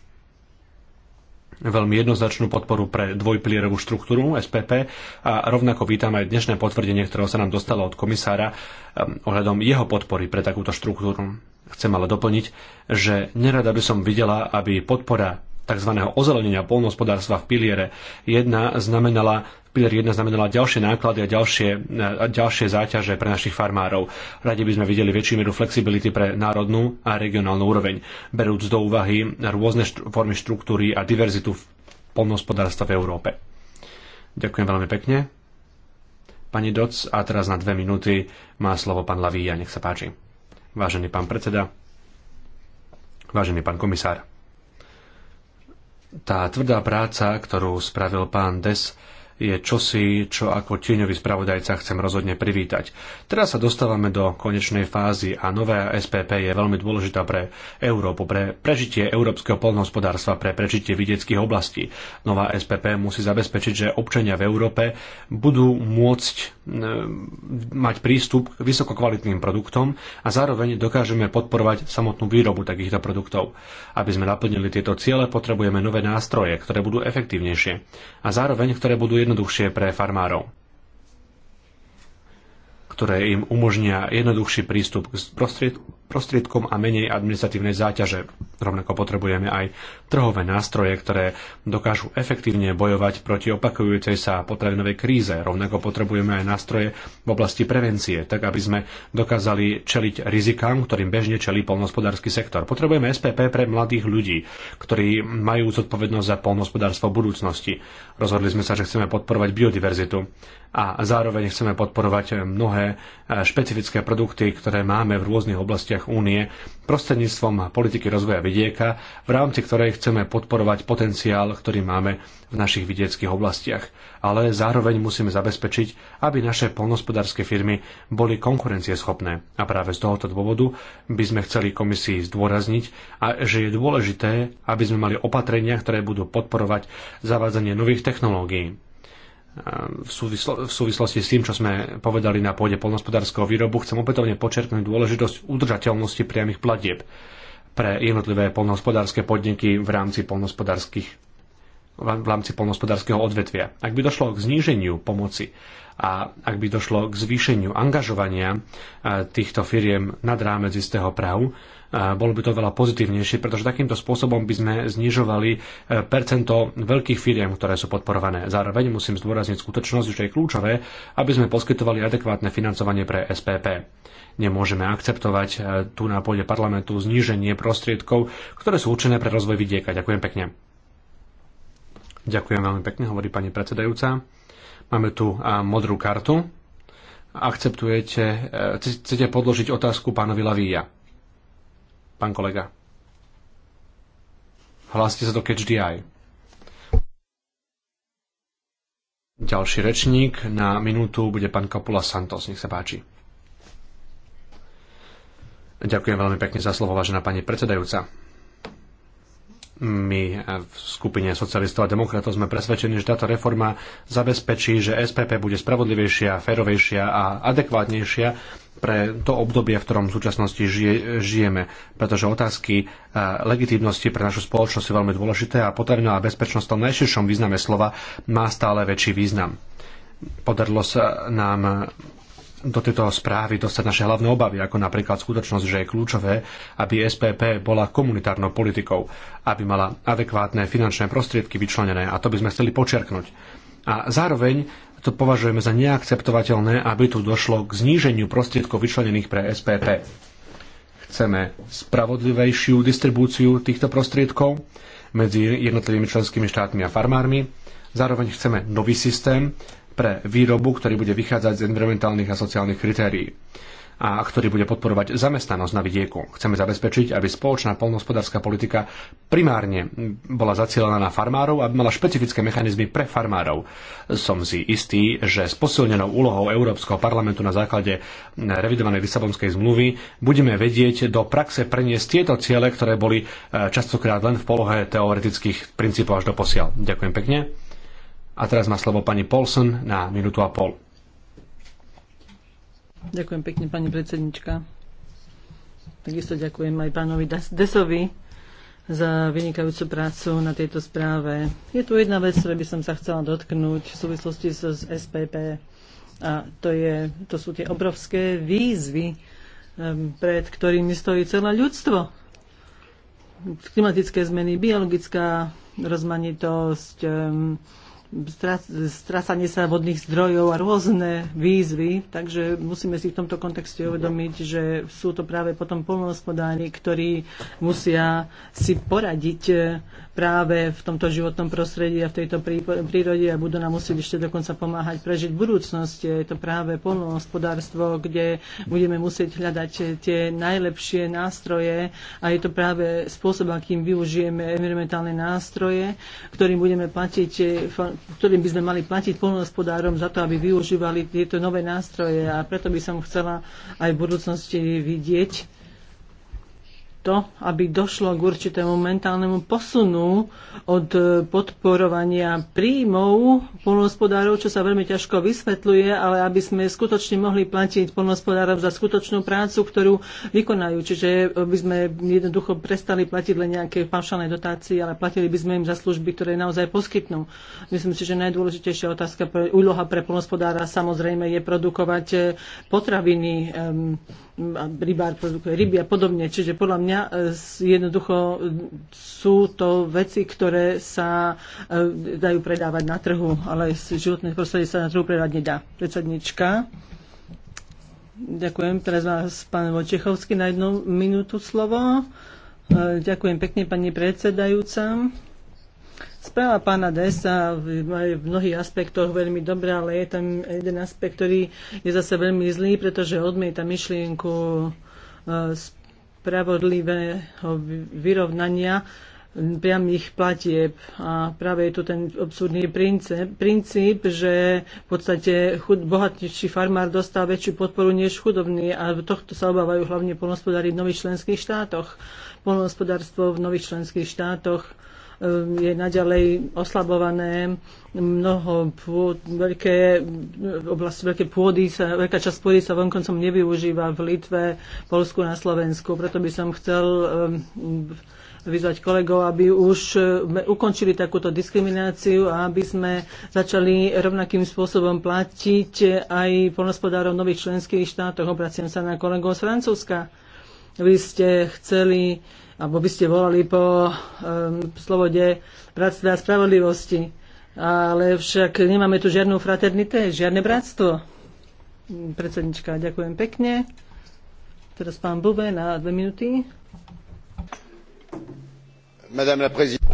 veľmi jednoznačnú podporu pre dvojpilierovú štruktúru SPP a rovnako vítam aj dnešné potvrdenie, ktorého sa nám dostalo od komisára um, ohľadom jeho podpory pre takúto štruktúru. Chcem ale doplniť, že nerada by som videla, aby podpora tzv. ozelenenia polnohospodárstva v piliere 1 znamenala pilier 1 znamenala ďalšie náklady a ďalšie, a ďalšie záťaže pre našich farmárov. Radi by sme videli väčšiu mieru flexibility pre národnú a regionálnu úroveň, berúc do úvahy rôzne štru, formy štruktúry a diverzitu polnohospodárstva v Európe. Ďakujem veľmi pekne. Pani Doc, a teraz na dve minúty má slovo pán Lavíja, nech sa páči. Vážený pán predseda, vážený pán komisár tá tvrdá práca, ktorú spravil pán Des, je čosi, čo ako tieňový spravodajca chcem rozhodne privítať. Teraz sa dostávame do konečnej fázy a nová SPP je veľmi dôležitá pre Európu, pre prežitie európskeho polnohospodárstva, pre prežitie vidieckých oblastí. Nová SPP musí zabezpečiť, že občania v Európe budú môcť e, mať prístup k vysokokvalitným produktom a zároveň dokážeme podporovať samotnú výrobu takýchto produktov. Aby sme naplnili tieto ciele, potrebujeme nové nástroje, ktoré budú efektívnejšie a zároveň, ktoré budú jednoduchšie pre farmárov ktoré im umožnia jednoduchší prístup k prostriedku, prostriedkom a menej administratívnej záťaže. Rovnako potrebujeme aj trhové nástroje, ktoré dokážu efektívne bojovať proti opakujúcej sa potravinovej kríze. Rovnako potrebujeme aj nástroje v oblasti prevencie, tak aby sme dokázali čeliť rizikám, ktorým bežne čelí polnospodársky sektor. Potrebujeme SPP pre mladých ľudí, ktorí majú zodpovednosť za polnospodárstvo budúcnosti. Rozhodli sme sa, že chceme podporovať biodiverzitu a zároveň chceme podporovať mnohé eh, špecifické produkty, ktoré máme v rôznych oblastiach oblastiach únie prostredníctvom politiky rozvoja vidieka, v rámci ktorej chceme podporovať potenciál, ktorý máme v našich vidieckých oblastiach. Ale zároveň musíme zabezpečiť, aby naše polnospodárske firmy boli konkurencieschopné. A práve z tohoto dôvodu by sme chceli komisii zdôrazniť, a že je dôležité, aby sme mali opatrenia, ktoré budú podporovať zavádzanie nových technológií v, súvislo, v súvislosti s tým, čo sme povedali na pôde polnospodárskeho výrobu, chcem opätovne počerknúť dôležitosť udržateľnosti priamých platieb pre jednotlivé polnohospodárske podniky v rámci polnohospodárskych v rámci polnospodárskeho odvetvia. Ak by došlo k zníženiu pomoci a ak by došlo k zvýšeniu angažovania eh, týchto firiem nad rámec istého prahu, eh, bolo by to veľa pozitívnejšie, pretože takýmto spôsobom by sme znižovali eh, percento veľkých firiem, ktoré sú podporované. Zároveň musím zdôrazniť skutočnosť, že je kľúčové, aby sme poskytovali adekvátne financovanie pre SPP. Nemôžeme akceptovať tu na pôde parlamentu zníženie prostriedkov, ktoré sú určené pre rozvoj vidieka. Ďakujem pekne. Ďakujem veľmi pekne, hovorí pani predsedajúca. Máme tu modrú kartu. Akceptujete, e, chcete podložiť otázku pánovi Lavíja? Pán kolega. Hláste sa do Catch the Eye. Ďalší rečník na minútu bude pán Kapula Santos. Nech sa páči. Ďakujem veľmi pekne za slovo, vážená pani predsedajúca. My v skupine socialistov a demokratov sme presvedčení, že táto reforma zabezpečí, že SPP bude spravodlivejšia, férovejšia a adekvátnejšia pre to obdobie, v ktorom v súčasnosti žije, žijeme. Pretože otázky e, legitimnosti pre našu spoločnosť sú veľmi dôležité a potravinová bezpečnosť v tom najširšom význame slova má stále väčší význam. Podarilo sa nám do tejto správy dostať naše hlavné obavy, ako napríklad skutočnosť, že je kľúčové, aby SPP bola komunitárnou politikou, aby mala adekvátne finančné prostriedky vyčlenené a to by sme chceli počerknúť. A zároveň to považujeme za neakceptovateľné, aby tu došlo k zníženiu prostriedkov vyčlenených pre SPP. Chceme spravodlivejšiu distribúciu týchto prostriedkov medzi jednotlivými členskými štátmi a farmármi. Zároveň chceme nový systém, pre výrobu, ktorý bude vychádzať z environmentálnych a sociálnych kritérií a ktorý bude podporovať zamestnanosť na vidieku. Chceme zabezpečiť, aby spoločná polnohospodárska politika primárne bola zacielená na farmárov, aby mala špecifické mechanizmy pre farmárov. Som si istý, že s posilnenou úlohou Európskeho parlamentu na základe revidovanej Lisabonskej zmluvy budeme vedieť do praxe preniesť tieto ciele, ktoré boli eh, častokrát len v polohe teoretických princípov až do posiaľ. Ďakujem pekne. A teraz má slovo pani Polson na minútu a pol. Ďakujem pekne, pani predsednička. Takisto ďakujem aj pánovi Desovi za vynikajúcu prácu na tejto správe. Je tu jedna vec, ktoré by som sa chcela dotknúť v súvislosti s SPP. A to, je, to sú tie obrovské výzvy, pred ktorými stojí celé ľudstvo. Klimatické zmeny, biologická rozmanitosť, strácanie sa vodných zdrojov a rôzne výzvy. Takže musíme si v tomto kontexte uvedomiť, že sú to práve potom polnohospodári, ktorí musia si poradiť e, práve v tomto životnom prostredí a v tejto prírode a budú nám musieť ešte dokonca pomáhať prežiť budúcnosť. Je to práve polnohospodárstvo, kde budeme musieť hľadať tie najlepšie nástroje a je to práve spôsob, akým využijeme environmentálne nástroje, ktorým budeme platiť e, ktorým by sme mali platiť polnohospodárom za to, aby využívali tieto nové nástroje. A preto by som chcela aj v budúcnosti vidieť, to, aby došlo k určitému mentálnemu posunu od podporovania príjmov polnohospodárov, čo sa veľmi ťažko vysvetľuje, ale aby sme skutočne mohli platiť polnohospodárov za skutočnú prácu, ktorú vykonajú. Čiže eh, by sme jednoducho prestali platiť len nejaké paušálne dotácie, ale platili by sme im za služby, ktoré naozaj poskytnú. Myslím si, že najdôležitejšia otázka, pre, úloha pre polnohospodára samozrejme je produkovať eh, potraviny, rybár produkuje ryby a podobne. Čiže podľa mňa E, jednoducho e, sú to veci, ktoré sa e, dajú predávať na trhu, ale z životné prostredie sa na trhu predávať nedá. Predsednička. Ďakujem. Teraz vás pán Vočechovský na jednu minútu slovo. Ďakujem pekne, pani predsedajúca. Správa pána Desa je v mnohých aspektoch veľmi dobrá, ale je tam jeden aspekt, ktorý je zase veľmi zlý, pretože odmieta myšlienku spravodlivého vyrovnania priamých platieb. A práve je tu ten absurdný princíp, princíp že v podstate chud, bohatší farmár dostal väčšiu podporu než chudobný a tohto sa obávajú hlavne polnospodári v nových členských štátoch. Polnospodárstvo v nových členských štátoch Ehm, je naďalej oslabované mnoho pôd, veľké, ehm, oblasti veľké pôdy sa, veľká časť pôdy sa vonkoncom nevyužíva v Litve, Polsku na Slovensku. Preto by som chcel ehm, vyzvať kolegov, aby už ukončili takúto diskrimináciu a aby sme začali rovnakým spôsobom platiť aj polnospodárov nových členských štátoch. Obraciam sa na kolegov z Francúzska. Vy ste chceli alebo by ste volali po um, slobode bratstva a spravodlivosti. Ale však nemáme tu žiadnu fraternité, žiadne bratstvo. Predsednička, ďakujem pekne. Teraz pán Bube na dve minúty.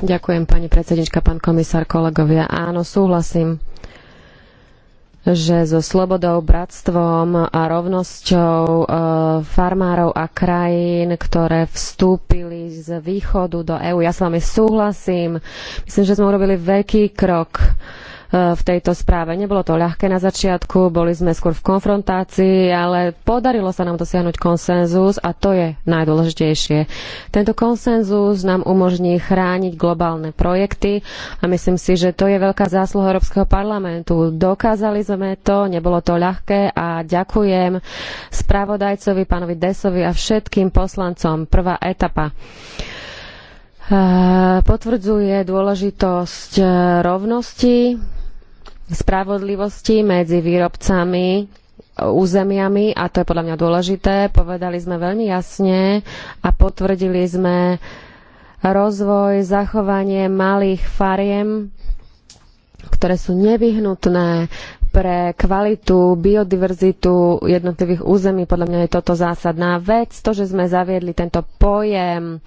Ďakujem, pani predsednička, pán komisár, kolegovia. Áno, súhlasím že so slobodou, bratstvom a rovnosťou e, farmárov a krajín, ktoré vstúpili z východu do EÚ. Ja s vami súhlasím. Myslím, že sme urobili veľký krok v tejto správe. Nebolo to ľahké na začiatku, boli sme skôr v konfrontácii, ale podarilo sa nám dosiahnuť konsenzus a to je najdôležitejšie. Tento konsenzus nám umožní chrániť globálne projekty a myslím si, že to je veľká zásluha Európskeho parlamentu. Dokázali sme to, nebolo to ľahké a ďakujem spravodajcovi, pánovi Desovi a všetkým poslancom. Prvá etapa eh, potvrdzuje dôležitosť eh, rovnosti spravodlivosti medzi výrobcami, územiami a to je podľa mňa dôležité. Povedali sme veľmi jasne a potvrdili sme rozvoj, zachovanie malých fariem, ktoré sú nevyhnutné pre kvalitu, biodiverzitu jednotlivých území. Podľa mňa je toto zásadná vec. To, že sme zaviedli tento pojem,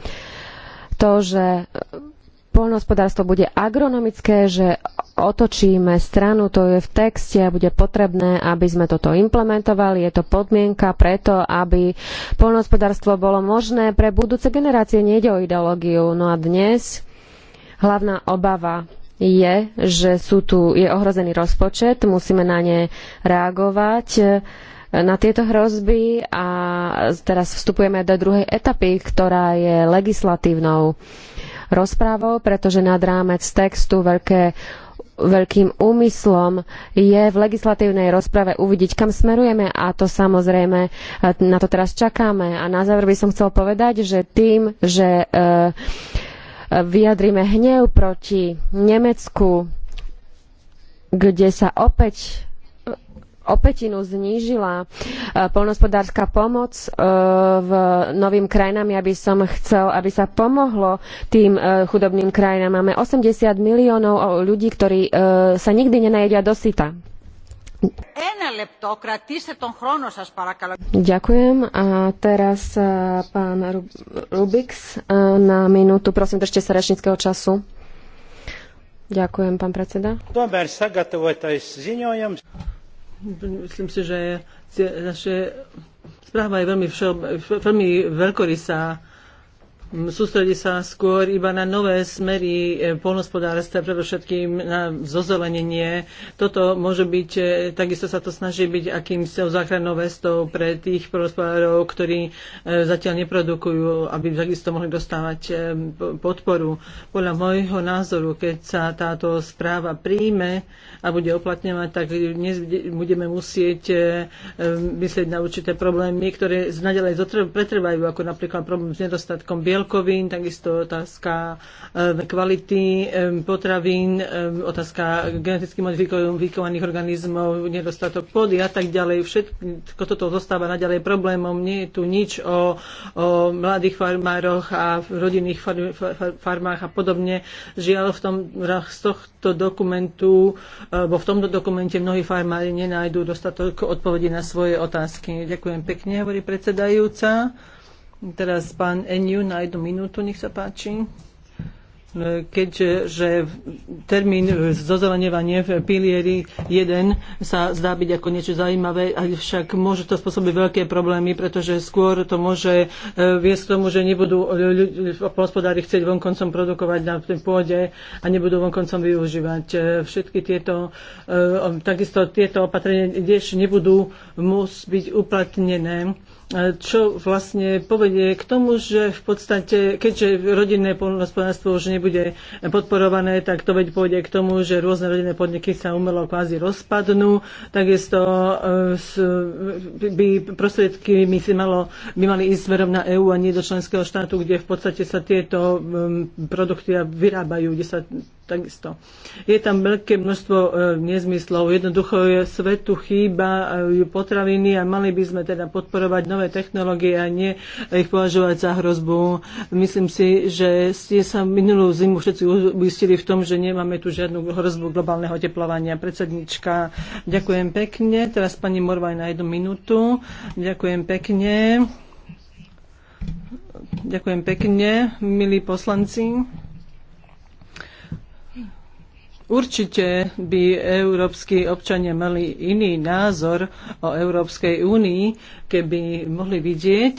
to, že poľnohospodárstvo bude agronomické, že otočíme stranu, to je v texte a bude potrebné, aby sme toto implementovali. Je to podmienka preto, aby poľnohospodárstvo bolo možné pre budúce generácie. Nejde o ideológiu. No a dnes hlavná obava je, že sú tu, je ohrozený rozpočet, musíme na ne reagovať na tieto hrozby a teraz vstupujeme do druhej etapy, ktorá je legislatívnou rozprávou, pretože nad rámec textu veľké veľkým úmyslom je v legislatívnej rozprave uvidieť, kam smerujeme a to samozrejme na to teraz čakáme. A na záver by som chcel povedať, že tým, že e, vyjadrime hnev proti Nemecku, kde sa opäť o petinu znížila e, poľnohospodárska pomoc e, v novým krajinám. Ja by som chcel, aby sa pomohlo tým e, chudobným krajinám. Máme 80 miliónov ľudí, ktorí sa nikdy nenajedia do syta. Ďakujem. A teraz pán Rubiks na minútu. Prosím, držte sa rečníckého času. Ďakujem, pán predseda. Dober, sagatavotais Myslím si, že naše správa je veľmi, veľmi veľkorysá Mm, sústredí sa skôr iba na nové smery eh, polnospodárstva, predovšetkým na zozelenenie. Toto môže byť, eh, takisto sa to snaží byť akýmsi záchrannou vestou pre tých polnospodárov, ktorí eh, zatiaľ neprodukujú, aby takisto mohli dostávať podporu. Podľa môjho názoru, keď sa táto správa príjme a bude oplatňovať, tak dnes budeme musieť myslieť na určité problémy, ktoré nadalej pretrvajú, ako napríklad problém s nedostatkom biel bielkovín, takisto otázka e, kvality e, potravín, e, otázka geneticky modifikovaných organizmov, nedostatok pôdy a tak ďalej. Všetko toto zostáva naďalej problémom. Nie je tu nič o, o mladých farmároch a rodinných far, far, farmách a podobne. Žiaľ, v tom, z tohto dokumentu, bo v tomto dokumente mnohí farmári nenájdú dostatok odpovedí na svoje otázky. Ďakujem pekne, hovorí predsedajúca. Teraz pán Eniu na jednu minútu, nech sa páči. Keďže že termín zozelenievanie v pilieri 1 sa zdá byť ako niečo zaujímavé, ale však môže to spôsobiť veľké problémy, pretože skôr to môže e, viesť k tomu, že nebudú hospodári chcieť vonkoncom produkovať na tej pôde a nebudú vonkoncom využívať e, všetky tieto, e, takisto tieto opatrenia tiež nebudú môcť byť uplatnené čo vlastne povedie k tomu, že v podstate, keďže rodinné poľnohospodárstvo už nebude podporované, tak to veď pôjde k tomu, že rôzne rodinné podniky sa umelo kvázi rozpadnú. Takisto e, e, by prostriedky by, si malo, by mali ísť smerom na EÚ a nie do členského štátu, kde v podstate sa tieto produkty vyrábajú, kde sa takisto. Je tam veľké množstvo e, nezmyslov. Jednoducho je svetu chýba e, potraviny a mali by sme teda podporovať nové technológie a nie ich považovať za hrozbu. Myslím si, že ste sa minulú zimu všetci uistili v tom, že nemáme tu žiadnu hrozbu globálneho teplovania. Predsednička, ďakujem pekne. Teraz pani Morvaj na jednu minútu. Ďakujem pekne. Ďakujem pekne, milí poslanci. Určite by európsky občania mali iný názor o Európskej únii, keby mohli vidieť,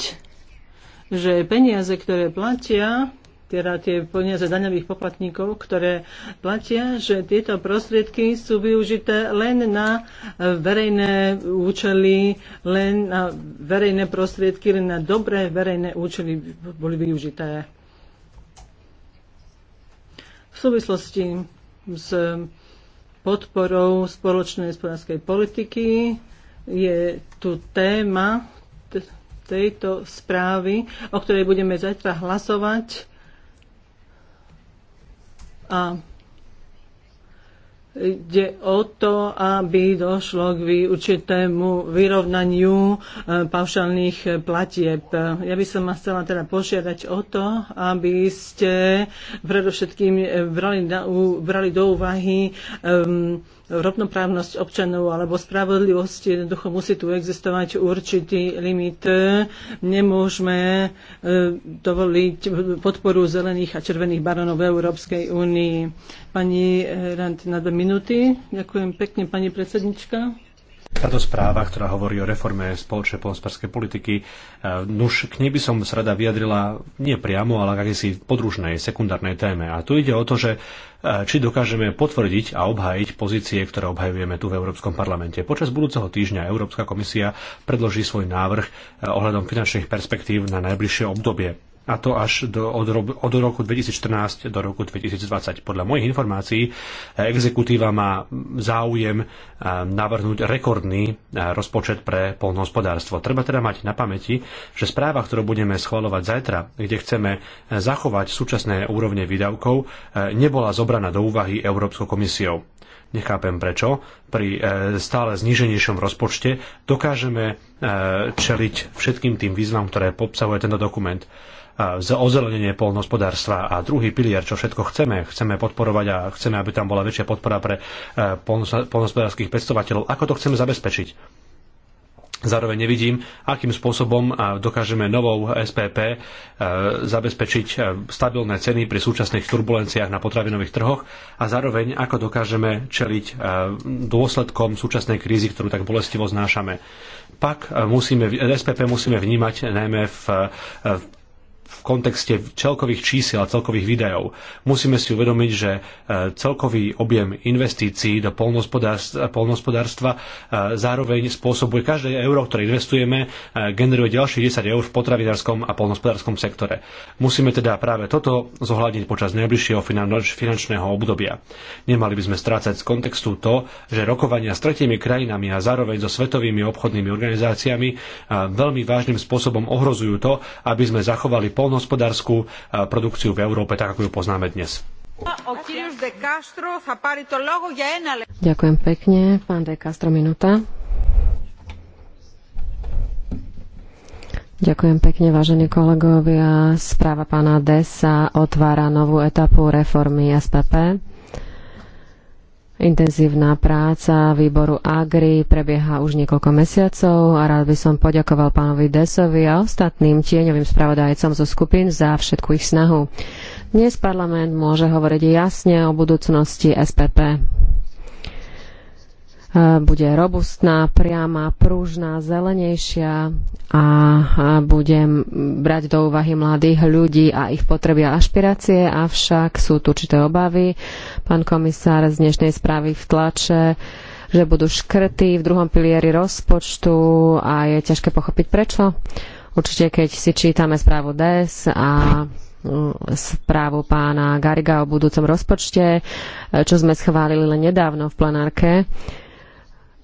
že peniaze, ktoré platia, teda tie peniaze daňových poplatníkov, ktoré platia, že tieto prostriedky sú využité len na verejné účely, len na verejné prostriedky, len na dobré verejné účely boli využité. V súvislosti s podporou spoločnej hospodárskej politiky. Je tu téma tejto správy, o ktorej budeme zajtra hlasovať. A ide o to, aby došlo k určitému vyrovnaniu e, paušálnych platieb. Ja by som vás chcela teda požiadať o to, aby ste predovšetkým e, brali, brali do úvahy um, rovnoprávnosť občanov alebo spravodlivosť. Jednoducho musí tu existovať určitý limit. Nemôžeme e, dovoliť podporu zelených a červených baronov v Európskej únii. Pani Rant, na dve minúty. Ďakujem pekne, pani predsednička. Táto správa, ktorá hovorí o reforme spoločnej polnospodárskej politiky, e, nuž, k nej by som sa rada vyjadrila nie priamo, ale k akejsi podružnej, sekundárnej téme. A tu ide o to, že e, či dokážeme potvrdiť a obhájiť pozície, ktoré obhajujeme tu v Európskom parlamente. Počas budúceho týždňa Európska komisia predloží svoj návrh e, ohľadom finančných perspektív na najbližšie obdobie a to až do, od, od roku 2014 do roku 2020. Podľa mojich informácií e, exekutíva má záujem e, navrhnúť rekordný e, rozpočet pre polnohospodárstvo. Treba teda mať na pamäti, že správa, ktorú budeme schvalovať zajtra, kde chceme zachovať súčasné úrovne výdavkov, nebola zobraná do úvahy Európskou komisiou. Nechápem prečo. Pri stále zníženejšom rozpočte dokážeme čeliť všetkým tým výzvam, ktoré obsahuje tento dokument za ozelenenie polnohospodárstva a druhý pilier, čo všetko chceme, chceme podporovať a chceme, aby tam bola väčšia podpora pre e, polnohospodárských pestovateľov. Ako to chceme zabezpečiť? Zároveň nevidím, akým spôsobom e, dokážeme novou SPP e, zabezpečiť stabilné ceny pri súčasných turbulenciách na potravinových trhoch a zároveň ako dokážeme čeliť dôsledkom súčasnej krízy, ktorú tak bolestivo znášame. Pak musíme, SPP musíme vnímať najmä v, v v kontexte celkových čísel a celkových výdajov. Musíme si uvedomiť, že e, celkový objem investícií do polnospodárstva e, zároveň spôsobuje každé euro, ktoré investujeme, e, generuje ďalších 10 eur v potravinárskom a polnospodárskom sektore. Musíme teda práve toto zohľadniť počas najbližšieho finančného obdobia. Nemali by sme strácať z kontextu to, že rokovania s tretími krajinami a zároveň so svetovými obchodnými organizáciami veľmi vážnym spôsobom ohrozujú to, aby sme zachovali polnohospodárskú e, produkciu v Európe, tak ako ju poznáme dnes. Ďakujem pekne. Pán De Castro, minúta. Ďakujem pekne, vážení kolegovia. Správa pána Desa otvára novú etapu reformy SPP. Intenzívna práca výboru Agri prebieha už niekoľko mesiacov a rád by som poďakoval pánovi Desovi a ostatným tieňovým spravodajcom zo skupín za všetku ich snahu. Dnes parlament môže hovoriť jasne o budúcnosti SPP. E, bude robustná, priama, prúžná, zelenejšia a budem brať do úvahy mladých ľudí a ich potreby a ašpirácie, avšak sú tu určité obavy. Pán komisár z dnešnej správy v tlače že budú škrty v druhom pilieri rozpočtu a je ťažké pochopiť prečo. Určite keď si čítame správu DES a mm, správu pána Gariga o budúcom rozpočte, e, čo sme schválili len nedávno v plenárke,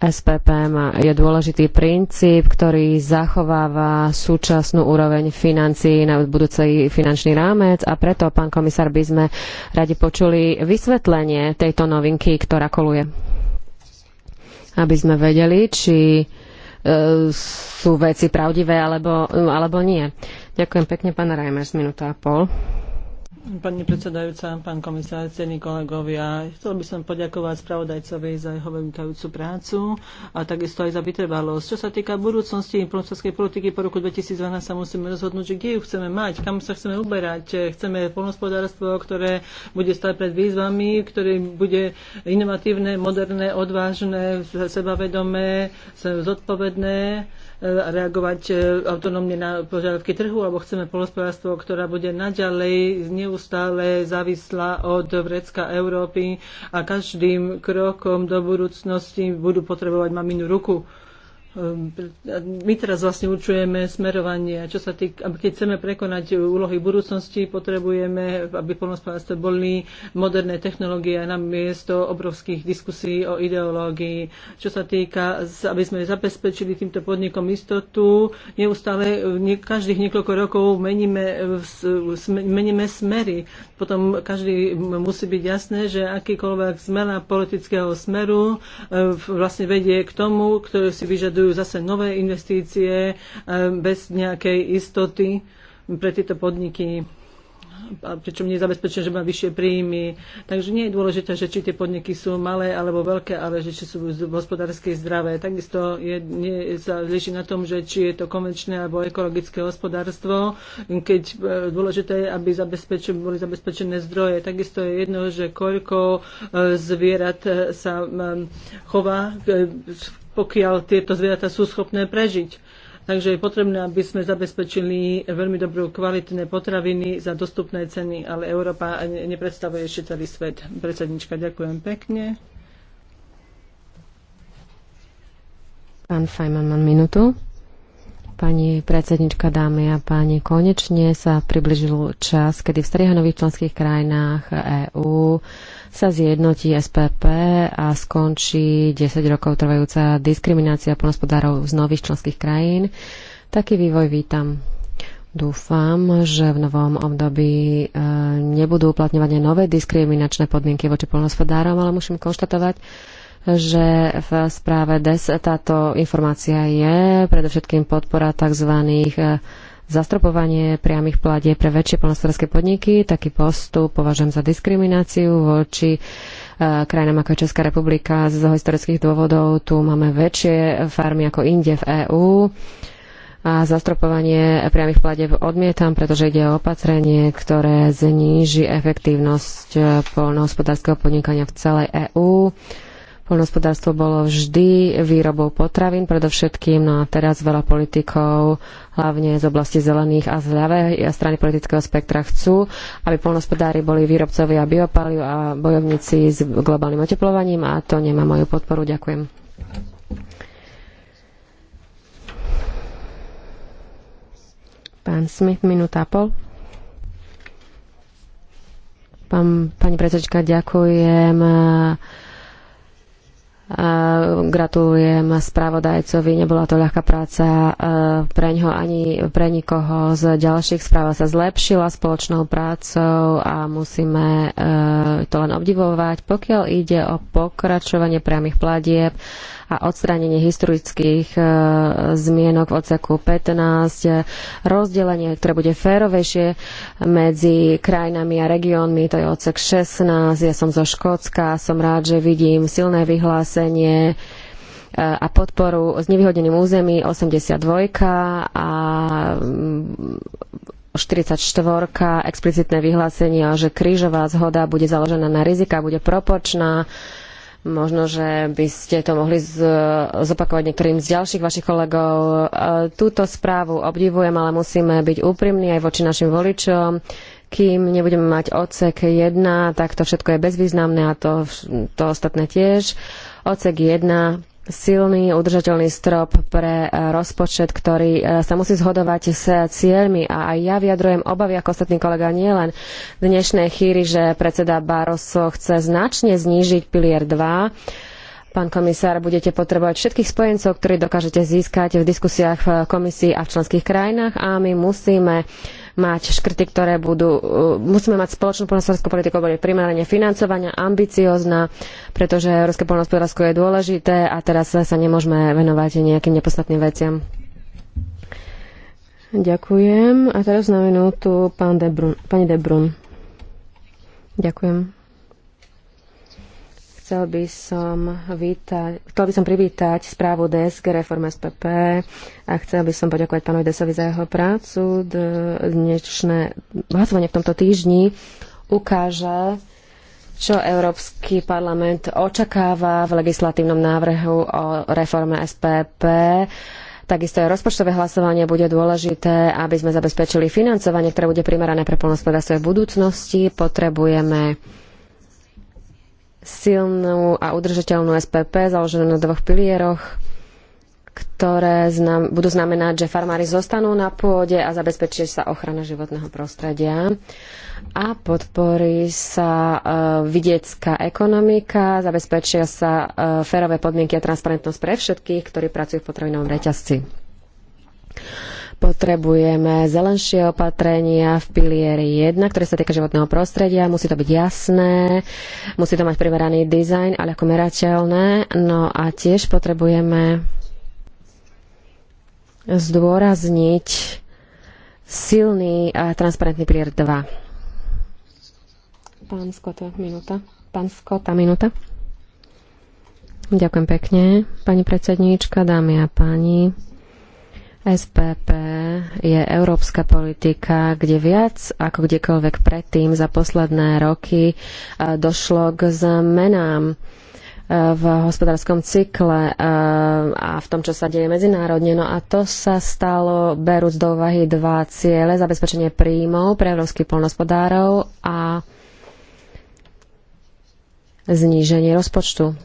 SPPM je dôležitý princíp, ktorý zachováva súčasnú úroveň financií na budúci finančný rámec a preto, pán komisár, by sme radi počuli vysvetlenie tejto novinky, ktorá koluje. Aby sme vedeli, či e, sú veci pravdivé alebo, alebo nie. Ďakujem pekne, pán Reimers, minúta a pol. Pani predsedajúca, pán komisár, cení kolegovia, chcel by som poďakovať spravodajcovi za jeho vynikajúcu prácu a takisto aj za vytrvalosť. Čo sa týka budúcnosti polnospodárskej politiky po roku 2012, sa musíme rozhodnúť, že kde ju chceme mať, kam sa chceme uberať. Chceme polnospodárstvo, ktoré bude stať pred výzvami, ktoré bude inovatívne, moderné, odvážne, sebavedomé, zodpovedné reagovať e, autonómne na požiadavky trhu, alebo chceme polospodárstvo, ktorá bude naďalej neustále závislá od vrecka Európy a každým krokom do budúcnosti budú potrebovať maminu ruku. Ehm, my teraz vlastne určujeme smerovanie. Čo sa týka, keď chceme prekonať úlohy budúcnosti, potrebujeme, aby polnospodárstve boli moderné technológie na miesto obrovských diskusí o ideológii. Čo sa týka, aby sme zabezpečili týmto podnikom istotu, neustále každých niekoľko rokov meníme, meníme smery. Potom každý musí byť jasné, že akýkoľvek zmena politického smeru ehm, vlastne vedie k tomu, ktorý si vyžaduje vyžadujú zase nové investície e, bez nejakej istoty pre tieto podniky pričom nie je zabezpečené, že má vyššie príjmy. Takže nie je dôležité, že či tie podniky sú malé alebo veľké, ale že či sú hospodársky zdravé. Takisto je, nie, sa líši na tom, že či je to konvenčné alebo ekologické hospodárstvo, keď e, dôležité je, aby zabezpečen, boli zabezpečené zdroje. Takisto je jedno, že koľko e, zvierat sa chová, pokiaľ tieto zvieratá sú schopné prežiť. Takže je potrebné, aby sme zabezpečili veľmi dobrú kvalitné potraviny za dostupné ceny, ale Európa nepredstavuje ešte celý svet. Predsednička, ďakujem pekne. Pán Fajman, mám minútu. Pani predsednička, dámy a páni, konečne sa približil čas, kedy v strihanových členských krajinách EÚ sa zjednotí SPP a skončí 10 rokov trvajúca diskriminácia plnospodárov z nových členských krajín. Taký vývoj vítam. Dúfam, že v novom období e, nebudú uplatňovať nové diskriminačné podmienky voči plnospodárom, ale musím konštatovať, že v správe DES táto informácia je predovšetkým podpora tzv. E, zastropovanie priamých pladie pre väčšie plnospodárske podniky. Taký postup považujem za diskrimináciu voči e, krajinám ako je Česká republika. Z historických dôvodov tu máme väčšie farmy ako inde v EÚ a zastropovanie priamých pladeb odmietam, pretože ide o opatrenie, ktoré zníži efektívnosť e, poľnohospodárskeho podnikania v celej EÚ Poľnohospodárstvo bolo vždy výrobou potravín, predovšetkým, no a teraz veľa politikov, hlavne z oblasti zelených a z ľavej strany politického spektra chcú, aby poľnohospodári boli výrobcovia biopaliu a bojovníci s globálnym oteplovaním a to nemá moju podporu. Ďakujem. Pán Smith, minúta a pol. Pán, pani predsedčka, ďakujem Gratulujem spravodajcovi, nebola to ľahká práca pre ňoho ani pre nikoho z ďalších. Správa sa zlepšila spoločnou prácou a musíme e, to len obdivovať. Pokiaľ ide o pokračovanie priamých platieb, a odstránenie historických e, zmienok v odseku 15, e, rozdelenie, ktoré bude férovejšie medzi krajinami a regiónmi, to je odsek 16, ja som zo Škótska, som rád, že vidím silné vyhlásenie e, a podporu s nevyhodeným území 82 a 44 mm, explicitné vyhlásenie, že krížová zhoda bude založená na rizika, bude proporčná Možno, že by ste to mohli z, zopakovať niektorým z ďalších vašich kolegov. E, túto správu obdivujem, ale musíme byť úprimní aj voči našim voličom. Kým nebudeme mať odsek 1, tak to všetko je bezvýznamné a to, to ostatné tiež. Odsek 1 silný, udržateľný strop pre e, rozpočet, ktorý e, sa musí zhodovať s cieľmi. A aj ja vyjadrujem obavy ako ostatní kolega nielen dnešnej chýry, že predseda Barroso chce značne znížiť pilier 2 Pán komisár, budete potrebovať všetkých spojencov, ktorí dokážete získať v diskusiách v komisii a v členských krajinách a my musíme uh, mať škrty, ktoré budú, e, musíme mať spoločnú poľnohospodárskú politiku, bude primerane financovania, ambiciozna, pretože európske poľnohospodárstvo je dôležité a teraz sa nemôžeme venovať nejakým nepodstatným veciam. Ďakujem. A teraz na minútu pán pani De Brun. Ďakujem. Chcel by som, vítať, chcel by som privítať správu DSG e Reform SPP a chcel by som poďakovať pánovi Desovi za jeho prácu. Dnešné hlasovanie v tomto týždni ukáže, čo Európsky parlament očakáva v legislatívnom návrhu o reforme SPP. Takisto aj rozpočtové hlasovanie bude dôležité, aby sme zabezpečili financovanie, ktoré bude primerané pre plnospodárstvo v budúcnosti. Potrebujeme silnú a udržateľnú SPP založenú na dvoch pilieroch, ktoré znam, budú znamenať, že farmári zostanú na pôde a zabezpečí sa ochrana životného prostredia a podporí sa e, vidiecká ekonomika, zabezpečia sa e, férové podmienky a transparentnosť pre všetkých, ktorí pracujú v potravinovom reťazci. Potrebujeme zelenšie opatrenia v pilieri 1, ktoré sa týka životného prostredia. Musí to byť jasné, musí to mať primeraný dizajn a ako merateľné. No a tiež potrebujeme zdôrazniť silný a transparentný pilier 2. Pán Skota, minúta. Pán Skota, minúta. Ďakujem pekne, pani predsedníčka, dámy a páni. SPP je európska politika, kde viac ako kdekoľvek predtým za posledné roky e, došlo k zmenám e, v hospodárskom cykle e, a v tom, čo sa deje medzinárodne. No a to sa stalo berúc do úvahy dva ciele, zabezpečenie príjmov pre európskych polnospodárov a zníženie rozpočtu.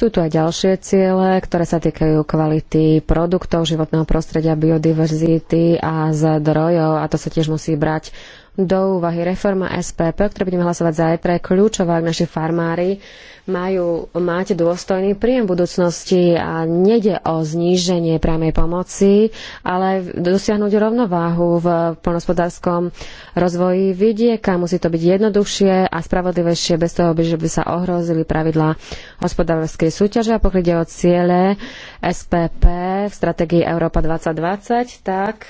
Sú tu aj ďalšie ciele, ktoré sa týkajú kvality produktov, životného prostredia, biodiverzity a zdrojov a to sa tiež musí brať do úvahy. Reforma SPP, ktoré budeme hlasovať zajtra, je kľúčová, ak naši farmári majú mať dôstojný príjem budúcnosti a nede o zníženie priamej pomoci, ale dosiahnuť rovnováhu v poľnohospodárskom rozvoji vidieka. Musí to byť jednoduchšie a spravodlivejšie bez toho, že by sa ohrozili pravidlá hospodárskej súťaže a je o ciele SPP v stratégii Európa 2020, tak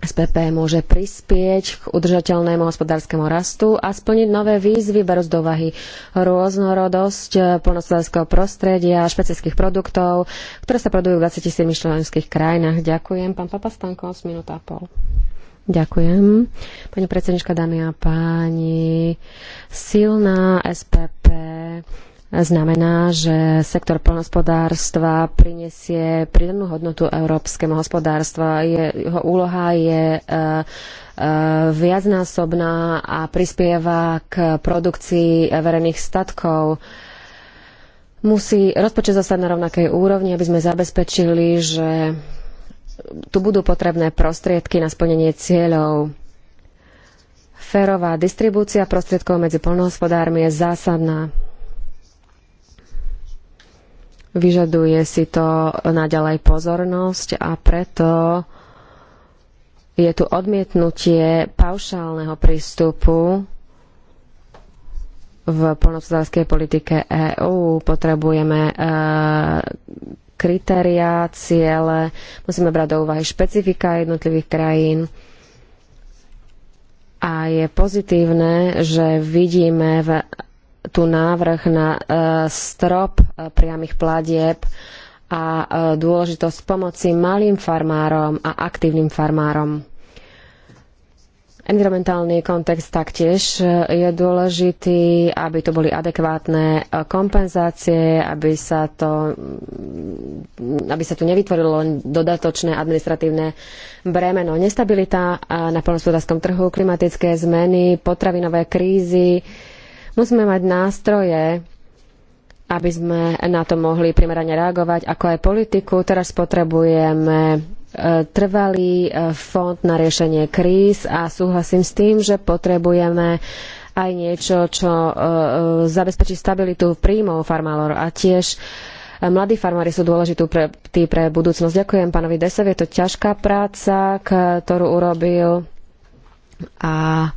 SPP môže prispieť k udržateľnému hospodárskemu rastu a splniť nové výzvy berúc do úvahy rôznorodosť eh, polnospodárskeho prostredia, špecických produktov, ktoré sa produjú v 27 členských krajinách. Ďakujem. Pán Papa Stanko, minúta a pol. Ďakujem. Pani predsednička, dámy a páni, silná SPP znamená, že sektor poľnohospodárstva prinesie pridanú hodnotu európskemu hospodárstva. Jeho úloha je e, e, viacnásobná a prispieva k produkcii verejných statkov. Musí rozpočet zostať na rovnakej úrovni, aby sme zabezpečili, že tu budú potrebné prostriedky na splnenie cieľov. Férová distribúcia prostriedkov medzi poľnohospodármi je zásadná. Vyžaduje si to naďalej pozornosť a preto je tu odmietnutie paušálneho prístupu v polnohospodárskej politike EÚ. Potrebujeme e, kritériá, ciele, musíme brať do úvahy špecifika jednotlivých krajín. A je pozitívne, že vidíme v tu návrh na e, strop e, priamych platieb a e, dôležitosť pomoci malým farmárom a aktívnym farmárom. Environmentálny kontext taktiež je dôležitý, aby to boli adekvátne kompenzácie, aby sa, to, mm, aby sa tu nevytvorilo dodatočné administratívne bremeno. Nestabilita na poľnospodárskom trhu, klimatické zmeny, potravinové krízy, Musíme mať nástroje, aby sme na to mohli primerane reagovať, ako aj politiku. Teraz potrebujeme e, trvalý e, fond na riešenie kríz a súhlasím s tým, že potrebujeme aj niečo, čo e, zabezpečí stabilitu príjmov farmárov a tiež mladí farmári sú dôležitú pre, tí pre budúcnosť. Ďakujem pánovi Desovi, je to ťažká práca, ktorú urobil a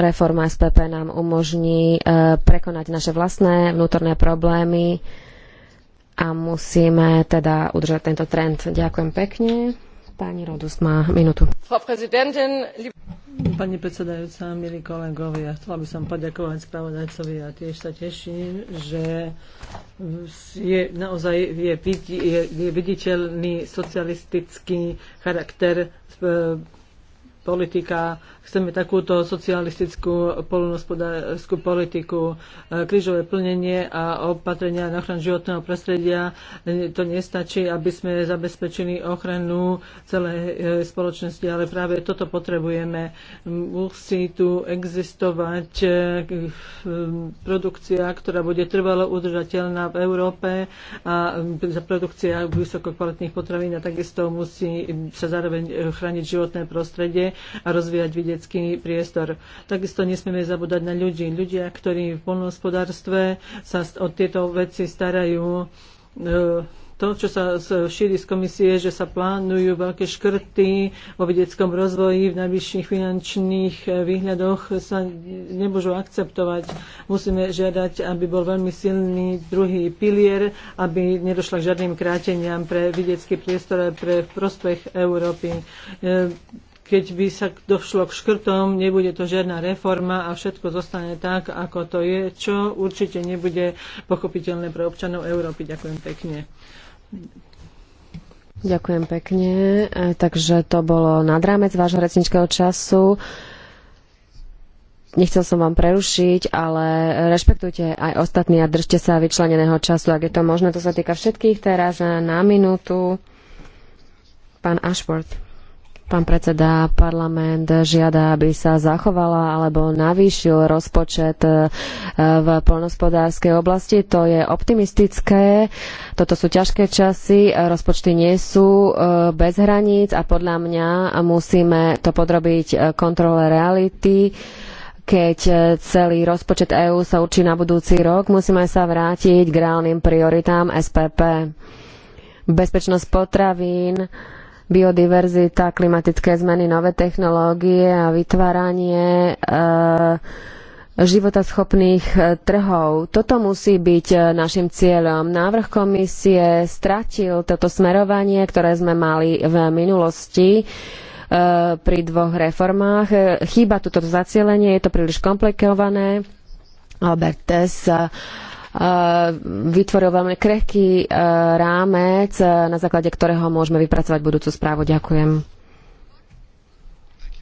reforma SPP nám umožní e, prekonať naše vlastné vnútorné problémy a musíme teda udržať tento trend. Ďakujem pekne. Pani Rodus má minútu. Pani predsedajúca, milí kolegovia, chcela by som poďakovať spravodajcovi a tiež sa teším, že je naozaj je, je, je viditeľný socialistický charakter e, politika, chceme takúto socialistickú polnohospodárskú politiku, e, krížové plnenie a opatrenia na ochranu životného prostredia. E, to nestačí, aby sme zabezpečili ochranu celej e, spoločnosti, ale práve toto potrebujeme. Musí tu existovať produkcia, ktorá bude trvalo udržateľná v Európe a produkcia vysokokvalitných potravín a takisto musí sa zároveň chrániť životné prostredie a rozvíjať vidiecký priestor. Takisto nesmieme zabúdať na ľudí. Ľudia, ktorí v polnohospodárstve sa o tieto veci starajú, e, to, čo sa šíri z komisie, že sa plánujú veľké škrty vo vedeckom rozvoji v najvyšších finančných e, výhľadoch, sa nemôžu akceptovať. Musíme žiadať, aby bol veľmi silný druhý pilier, aby nedošlo k žiadnym kráteniam pre vedecký priestor a pre prospech Európy. E, keď by sa došlo k škrtom, nebude to žiadna reforma a všetko zostane tak, ako to je, čo určite nebude pochopiteľné pre občanov Európy. Ďakujem pekne. Ďakujem pekne. E, takže to bolo nad rámec vášho recničkého času. Nechcel som vám prerušiť, ale rešpektujte aj ostatní a držte sa vyčleneného času, ak je to možné. To sa týka všetkých teraz e, na minútu. Pán Ashworth. Pán predseda, parlament žiada, aby sa zachovala alebo navýšil rozpočet e, v polnospodárskej oblasti. To je optimistické. Toto sú ťažké časy. Rozpočty nie sú e, bez hraníc a podľa mňa musíme to podrobiť e, kontrole reality keď celý rozpočet EÚ sa určí na budúci rok, musíme sa vrátiť k reálnym prioritám SPP. Bezpečnosť potravín, biodiverzita, klimatické zmeny, nové technológie a vytváranie e, životaschopných eh, trhov. Toto musí byť eh, našim cieľom. Návrh komisie stratil toto smerovanie, ktoré sme mali v minulosti pri dvoch reformách. Chýba toto zacielenie, je to príliš komplikované. Albert Tess Eh, vytvoril veľmi krehký eh, rámec, eh, na základe ktorého môžeme vypracovať budúcu správu. Ďakujem.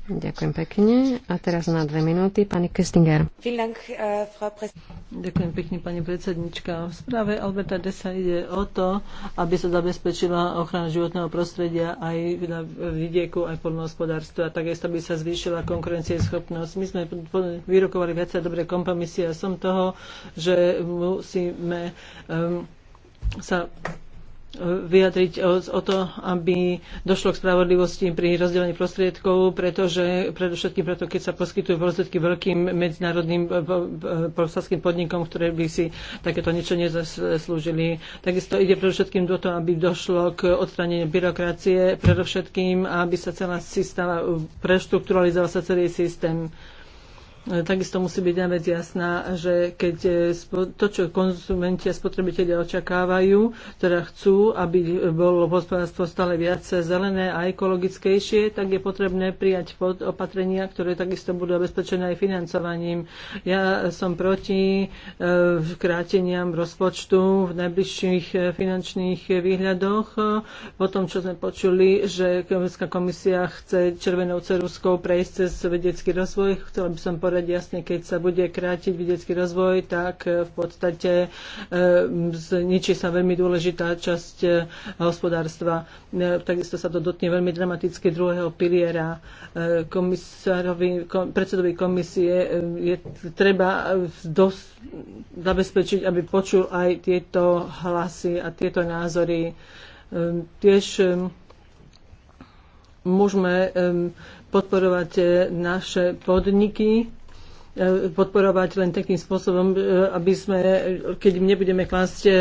Ďakujem pekne. A teraz na dve minúty pani Kestinger. Äh, Ďakujem pekne, pani predsednička. V správe Alberta Desa ide o to, aby sa zabezpečila ochrana životného prostredia aj na vidieku, aj polnohospodárstva. Takisto by sa zvýšila konkurencieschopnosť. My sme vyrokovali viacej dobré kompromisy a som toho, že musíme um, sa vyjadriť o, o to, aby došlo k spravodlivosti pri rozdelení prostriedkov, pretože predovšetkým preto, keď sa poskytujú prostriedky veľkým medzinárodným e, profesorským podnikom, ktoré by si takéto niečo nezaslúžili. Takisto ide predovšetkým do toho, aby došlo k odstraneniu byrokracie, predovšetkým, aby sa celá systéma e, preštrukturalizoval sa celý systém. Takisto musí byť vec jasná, že keď eh, to, čo konzumenti a spotrebitelia očakávajú, teda chcú, aby bolo hospodárstvo stále viac zelené a ekologickejšie, tak je potrebné prijať opatrenia, ktoré takisto budú zabezpečené aj financovaním. Ja som proti eh, kráteniam rozpočtu v najbližších eh, finančných výhľadoch. Po tom, čo sme počuli, že Európska komisia chce červenou ceruskou prejsť cez vedecký rozvoj, chcela by som povedať, povedať jasne, keď sa bude krátiť vedecký rozvoj, tak eh, v podstate eh, zničí sa veľmi dôležitá časť eh, hospodárstva. Takisto sa to dotne veľmi dramaticky druhého piliera. Komisárovi, kom, predsedovi komisie je treba dosť zabezpečiť, aby počul aj tieto hlasy a tieto názory. Ehm, tiež ehm, môžeme ehm, podporovať naše podniky E, podporovať len takým spôsobom, e, aby sme, keď nebudeme klásť e,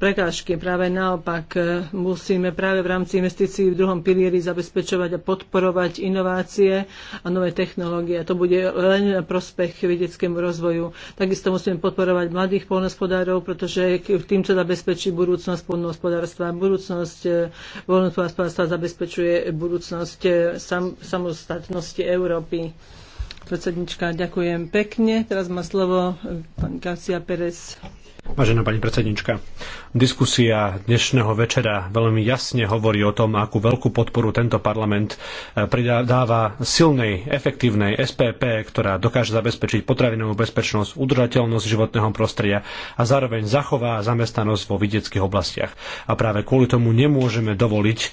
prekážky, práve naopak musíme práve v rámci investícií v druhom pilieri zabezpečovať a podporovať inovácie a nové technológie. A to bude len prospech vedeckému rozvoju. Takisto musíme podporovať mladých polnospodárov, pretože tým sa zabezpečí budúcnosť polnospodárstva. Budúcnosť polnospodárstva zabezpečuje budúcnosť samostatnosti Európy. Predsednička, ďakujem pekne. Teraz má slovo e, pán Garcia Pérez. Vážená pani predsednička, diskusia dnešného večera veľmi jasne hovorí o tom, akú veľkú podporu tento parlament e, pridáva silnej, efektívnej SPP, ktorá dokáže zabezpečiť potravinovú bezpečnosť, udržateľnosť životného prostredia a zároveň zachová zamestnanosť vo vidieckých oblastiach. A práve kvôli tomu nemôžeme dovoliť,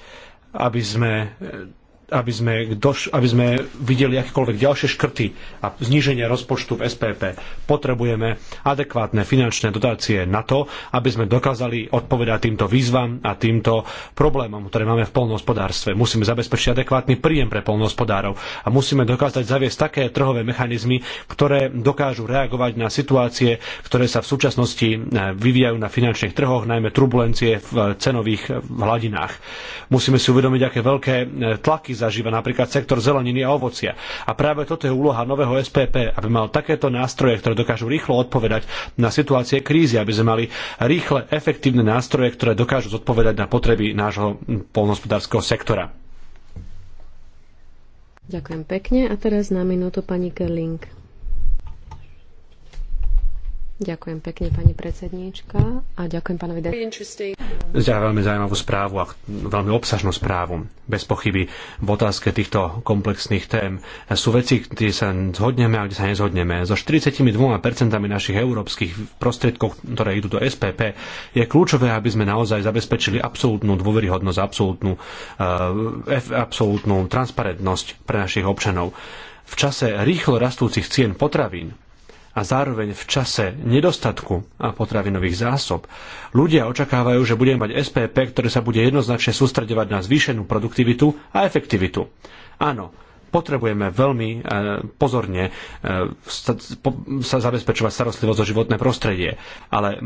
aby sme e, aby sme, doš- aby sme videli akékoľvek ďalšie škrty a zníženie rozpočtu v SPP. Potrebujeme adekvátne finančné dotácie na to, aby sme dokázali odpovedať týmto výzvam a týmto problémom, ktoré máme v polnohospodárstve. Musíme zabezpečiť adekvátny príjem pre polnohospodárov a musíme dokázať zaviesť také trhové mechanizmy, ktoré dokážu reagovať na situácie, ktoré sa v súčasnosti eh, vyvíjajú na finančných trhoch, najmä turbulencie v eh, cenových eh, hladinách. Musíme si uvedomiť, aké veľké tlaky zažíva napríklad sektor zeleniny a ovocia. A práve toto je úloha nového SPP, aby mal takéto nástroje, ktoré dokážu rýchlo odpovedať na situácie krízy, aby sme mali rýchle, efektívne nástroje, ktoré dokážu zodpovedať na potreby nášho polnohospodárskeho sektora. Ďakujem pekne a teraz na minútu pani Kerling. Ďakujem pekne, pani predsedníčka. A ďakujem pánovi De... veľmi zaujímavú správu a veľmi obsažnú správu. Bez pochyby v otázke týchto komplexných tém sú veci, kde sa zhodneme a kde sa nezhodneme. So 42% našich európskych prostriedkov, ktoré idú do SPP, je kľúčové, aby sme naozaj zabezpečili absolútnu dôveryhodnosť, absolútnu, uh, absolútnu transparentnosť pre našich občanov. V čase rýchlo rastúcich cien potravín a zároveň v čase nedostatku a potravinových zásob ľudia očakávajú, že budeme mať SPP, ktoré sa bude jednoznačne sústredovať na zvýšenú produktivitu a efektivitu. Áno, potrebujeme veľmi e, pozorne e, sa zabezpečovať starostlivosť o životné prostredie. Ale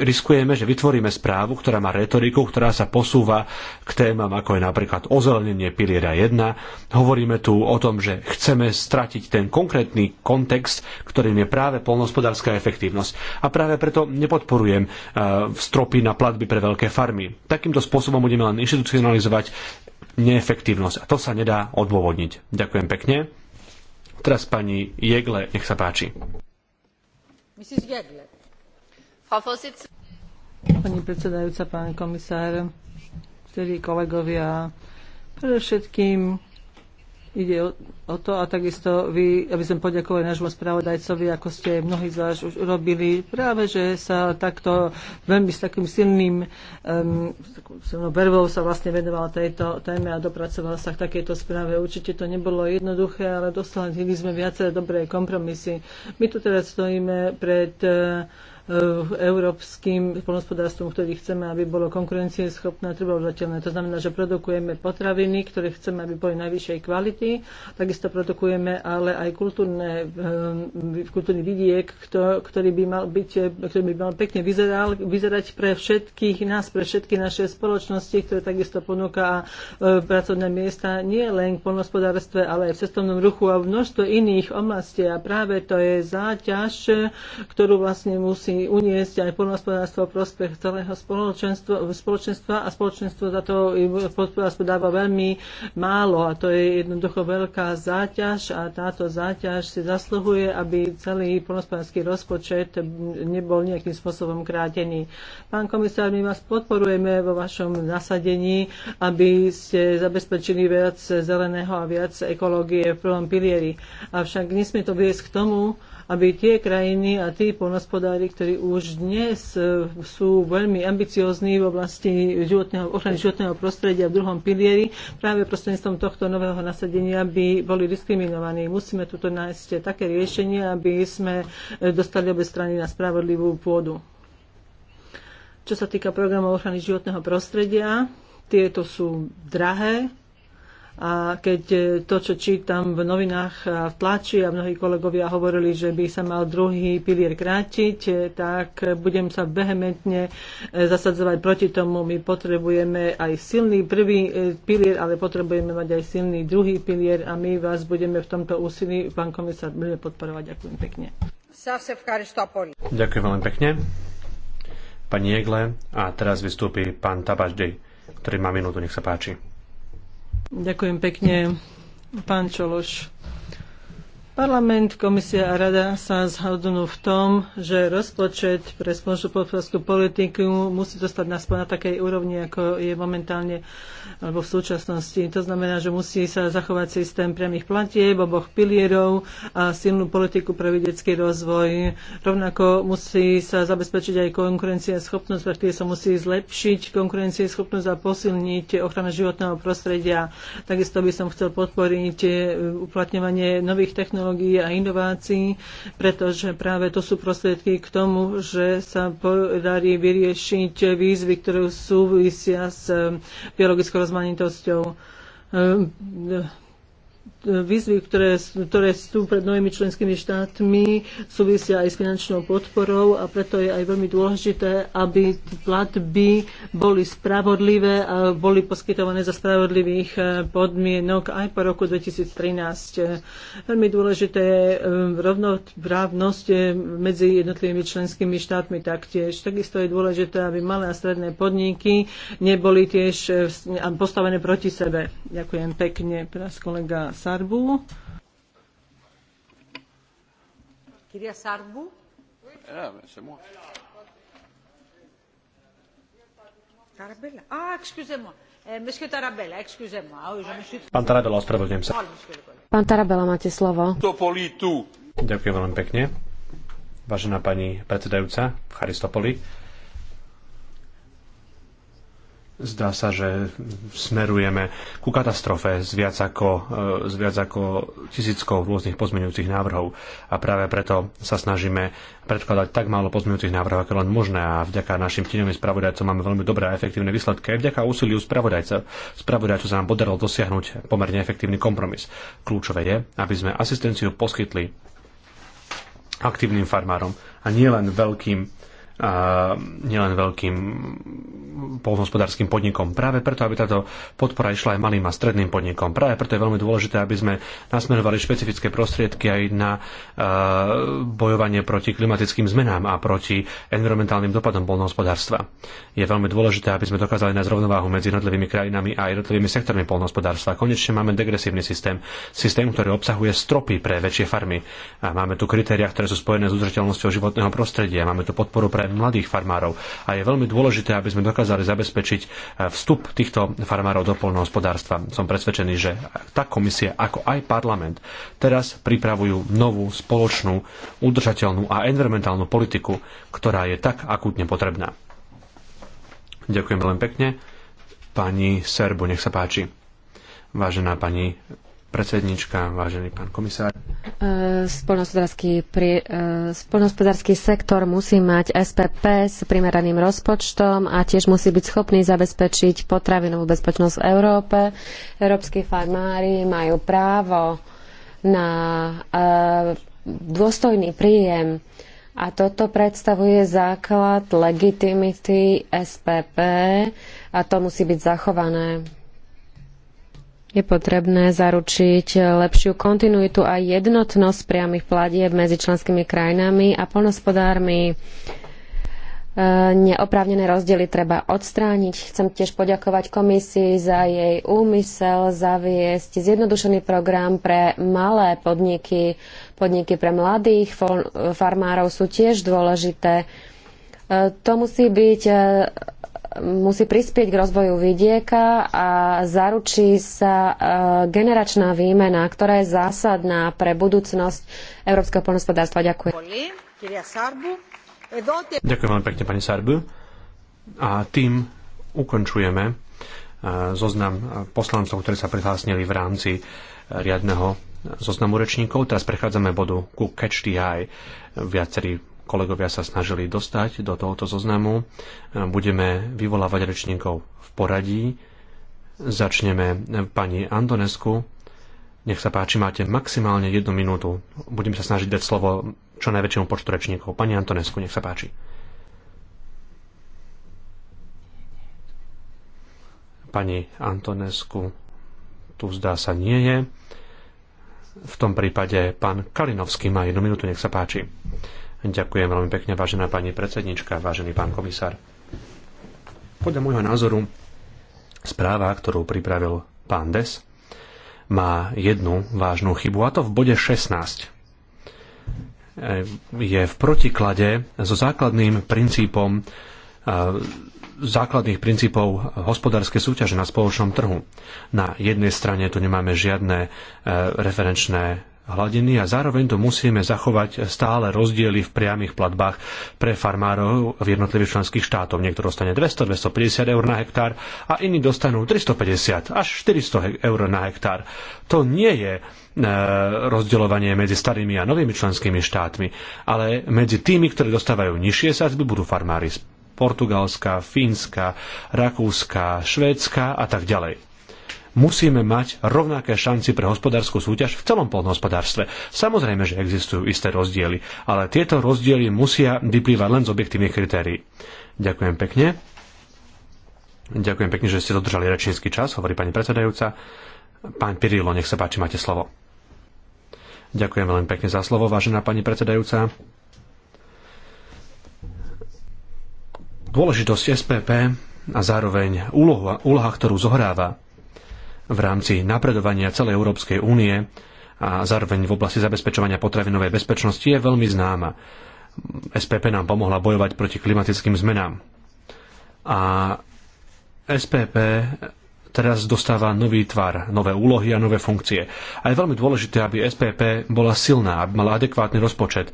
riskujeme, že vytvoríme správu, ktorá má retoriku, ktorá sa posúva k témam, ako je napríklad ozelenenie piliera 1. Hovoríme tu o tom, že chceme stratiť ten konkrétny kontext, ktorým je práve polnospodárska efektívnosť. A práve preto nepodporujem e, stropy na platby pre veľké farmy. Takýmto spôsobom budeme len inštitucionalizovať neefektívnosť. A to sa nedá odôvodniť. Ďakujem pekne. Teraz pani Jegle, nech sa páči. Pani predsedajúca, pán komisár, ktorí kolegovia, predovšetkým ide o, o to a takisto vy, aby som poďakovali nášmu spravodajcovi, ako ste mnohí z vás už robili. práve, že sa takto veľmi s takým silným um, silnou vervou sa vlastne venovala tejto téme a dopracovala sa k takejto správe. Určite to nebolo jednoduché, ale dosahli sme viaceré dobré kompromisy. My tu teraz stojíme pred uh, Eh, európskym polnospodárstvom, ktorý chceme, aby bolo konkurencieschopné a trvalodateľné. To znamená, že produkujeme potraviny, ktoré chceme, aby boli najvyššej kvality. Takisto produkujeme ale aj kultúrne, eh, kultúrny vidiek, ktorý by mal, byť, ktorý by mal pekne vyzeral, vyzerať pre všetkých nás, pre všetky naše spoločnosti, ktoré takisto ponúka eh, pracovné miesta nie len v polnospodárstve, ale aj v cestovnom ruchu a v množstvo iných oblastí. A práve to je záťaž, ktorú vlastne musí uniesť aj polnohospodárstvo prospech celého spoločenstva, a spoločenstvo za to polnohospodárstvo dáva veľmi málo a to je jednoducho veľká záťaž a táto záťaž si zasluhuje, aby celý polnohospodársky rozpočet nebol nejakým spôsobom krátený. Pán komisár, my vás podporujeme vo vašom nasadení, aby ste zabezpečili viac zeleného a viac ekológie v prvom pilieri. Avšak nesmie to viesť k tomu, aby tie krajiny a tí polnospodári, ktorí už dnes e, sú veľmi ambiciozní v oblasti životného, ochrany životného prostredia v druhom pilieri, práve prostredníctvom tohto nového nasadenia by boli diskriminovaní. Musíme tuto nájsť také riešenie, aby sme e, dostali obe strany na spravodlivú pôdu. Čo sa týka programov ochrany životného prostredia, tieto sú drahé, a keď e, to, čo čítam v novinách a v tlači a mnohí kolegovia hovorili, že by sa mal druhý pilier krátiť, e, tak budem sa vehementne e, zasadzovať proti tomu. My potrebujeme aj silný prvý pilier, ale potrebujeme mať aj silný druhý pilier a my vás budeme v tomto úsilí, pán komisár, budeme podporovať. Ďakujem pekne. Ďakujem veľmi pekne. Pani Jegle, a teraz vystúpi pán Tabaždej, ktorý má minútu, nech sa páči. Ďakujem pekne, pán Čološ. Parlament, komisia a rada sa zhodnú v tom, že rozpočet pre spoločnú podporskú politiku musí zostať na takej úrovni, ako je momentálne alebo v súčasnosti. To znamená, že musí sa zachovať systém priamých platieb, oboch pilierov a silnú politiku pre vedecký rozvoj. Rovnako musí sa zabezpečiť aj konkurencia schopnosť, respektíve sa musí zlepšiť konkurencia schopnosť a posilniť ochranu životného prostredia. Takisto by som chcel podporiť uplatňovanie nových technológií technológií a inovácií, pretože práve to sú prostriedky k tomu, že sa podarí vyriešiť výzvy, ktoré súvisia s biologickou rozmanitosťou ehm, výzvy, ktoré, ktoré sú pred novými členskými štátmi, súvisia aj s finančnou podporou a preto je aj veľmi dôležité, aby platby boli spravodlivé a boli poskytované za spravodlivých eh, podmienok aj po roku 2013. Veľmi dôležité je eh, rovnoprávnosť eh, medzi jednotlivými členskými štátmi taktiež. Takisto je dôležité, aby malé a stredné podniky neboli tiež postavené proti sebe. Ďakujem pekne. Teraz kolega Sá Sarbu. Kyria Sarbu? Ah, c'est moi. Tarabella. Ah, excusez-moi. Eh, monsieur Tarabella, excusez-moi. Ah Pán Tarabella, ospravedlňujem sa. Pán Tarabella, máte slovo. Ďakujem veľmi pekne. Vážená pani predsedajúca v Charistopoli Zdá sa, že smerujeme ku katastrofe s viac ako, e, s viac ako tisíckou rôznych pozmeňujúcich návrhov a práve preto sa snažíme predkladať tak málo pozmeňujúcich návrhov, ako len možné a vďaka našim tieňovým spravodajcom máme veľmi dobré a efektívne výsledky. Aj vďaka úsiliu spravodajca, spravodajcu sa nám podarilo dosiahnuť pomerne efektívny kompromis. Kľúčové je, aby sme asistenciu poskytli aktívnym farmárom a nielen veľkým nielen veľkým polnohospodárským podnikom. Práve preto, aby táto podpora išla aj malým a stredným podnikom. Práve preto je veľmi dôležité, aby sme nasmerovali špecifické prostriedky aj na e, bojovanie proti klimatickým zmenám a proti environmentálnym dopadom polnohospodárstva. Je veľmi dôležité, aby sme dokázali nájsť rovnováhu medzi jednotlivými krajinami a jednotlivými sektormi polnohospodárstva. Konečne máme degresívny systém, systém, ktorý obsahuje stropy pre väčšie farmy. A máme tu kritériá, ktoré sú spojené s udržateľnosťou životného prostredia. Máme tu podporu pre mladých farmárov. A je veľmi dôležité, aby sme dokázali zabezpečiť e, vstup týchto farmárov do polnohospodárstva. Som presvedčený, že tak komisia, ako aj parlament teraz pripravujú novú spoločnú, udržateľnú a environmentálnu politiku, ktorá je tak akútne potrebná. Ďakujem veľmi pekne. Pani Serbu, nech sa páči. Vážená pani predsednička, vážený pán komisár. E, e, spolnohospodársky, sektor musí mať SPP s primeraným rozpočtom a tiež musí byť schopný zabezpečiť potravinovú bezpečnosť v Európe. Európsky farmári majú právo na e, dôstojný príjem a toto predstavuje základ legitimity SPP a to musí byť zachované. Je potrebné zaručiť lepšiu kontinuitu a jednotnosť priamych platieb medzi členskými krajinami a polnospodármi. E, neoprávnené rozdiely treba odstrániť. Chcem tiež poďakovať komisii za jej úmysel zaviesť zjednodušený program pre malé podniky. Podniky pre mladých farmárov sú tiež dôležité. E, to musí byť e, musí prispieť k rozvoju vidieka a zaručí sa e, generačná výmena, ktorá je zásadná pre budúcnosť európskeho poľnohospodárstva. Ďakujem. Ďakujem veľmi pekne, pani Sarbu. A tým ukončujeme e, zoznam poslancov, ktorí sa prihlásnili v rámci e, riadneho zoznamu rečníkov. Teraz prechádzame bodu ku Catch the Eye. Viacerí kolegovia sa snažili dostať do tohoto zoznamu. Budeme vyvolávať rečníkov v poradí. Začneme pani Antonesku. Nech sa páči, máte maximálne jednu minútu. Budem sa snažiť dať slovo čo najväčšiemu počtu rečníkov. Pani Antonesku, nech sa páči. Pani Antonesku tu zdá sa nie je. V tom prípade pán Kalinovský má jednu minútu, nech sa páči. Ďakujem veľmi pekne, vážená pani predsednička, vážený pán komisár. Podľa môjho názoru správa, ktorú pripravil pán Des, má jednu vážnu chybu, a to v bode 16. E, je v protiklade so základným princípom e, základných princípov hospodárskej súťaže na spoločnom trhu. Na jednej strane tu nemáme žiadne e, referenčné hladiny a zároveň to musíme zachovať stále rozdiely v priamých platbách pre farmárov v jednotlivých členských štátoch. Niekto dostane 200-250 eur na hektár a iní dostanú 350 až 400 eur na hektár. To nie je e, rozdeľovanie medzi starými a novými členskými štátmi, ale medzi tými, ktorí dostávajú nižšie sadzby, budú farmári z Portugalska, Fínska, Rakúska, Švédska a tak ďalej musíme mať rovnaké šanci pre hospodárskú súťaž v celom polnohospodárstve. Samozrejme, že existujú isté rozdiely, ale tieto rozdiely musia vyplývať len z objektívnych kritérií. Ďakujem pekne. Ďakujem pekne, že ste dodržali rečnícky čas, hovorí pani predsedajúca. Pán Pirilo, nech sa páči, máte slovo. Ďakujem veľmi pekne za slovo, vážená pani predsedajúca. Dôležitosť SPP a zároveň úloha, úloha ktorú zohráva v rámci napredovania celej Európskej únie a zároveň v oblasti zabezpečovania potravinovej bezpečnosti je veľmi známa. SPP nám pomohla bojovať proti klimatickým zmenám. A SPP teraz dostáva nový tvar, nové úlohy a nové funkcie. A je veľmi dôležité, aby SPP bola silná, aby mala adekvátny rozpočet,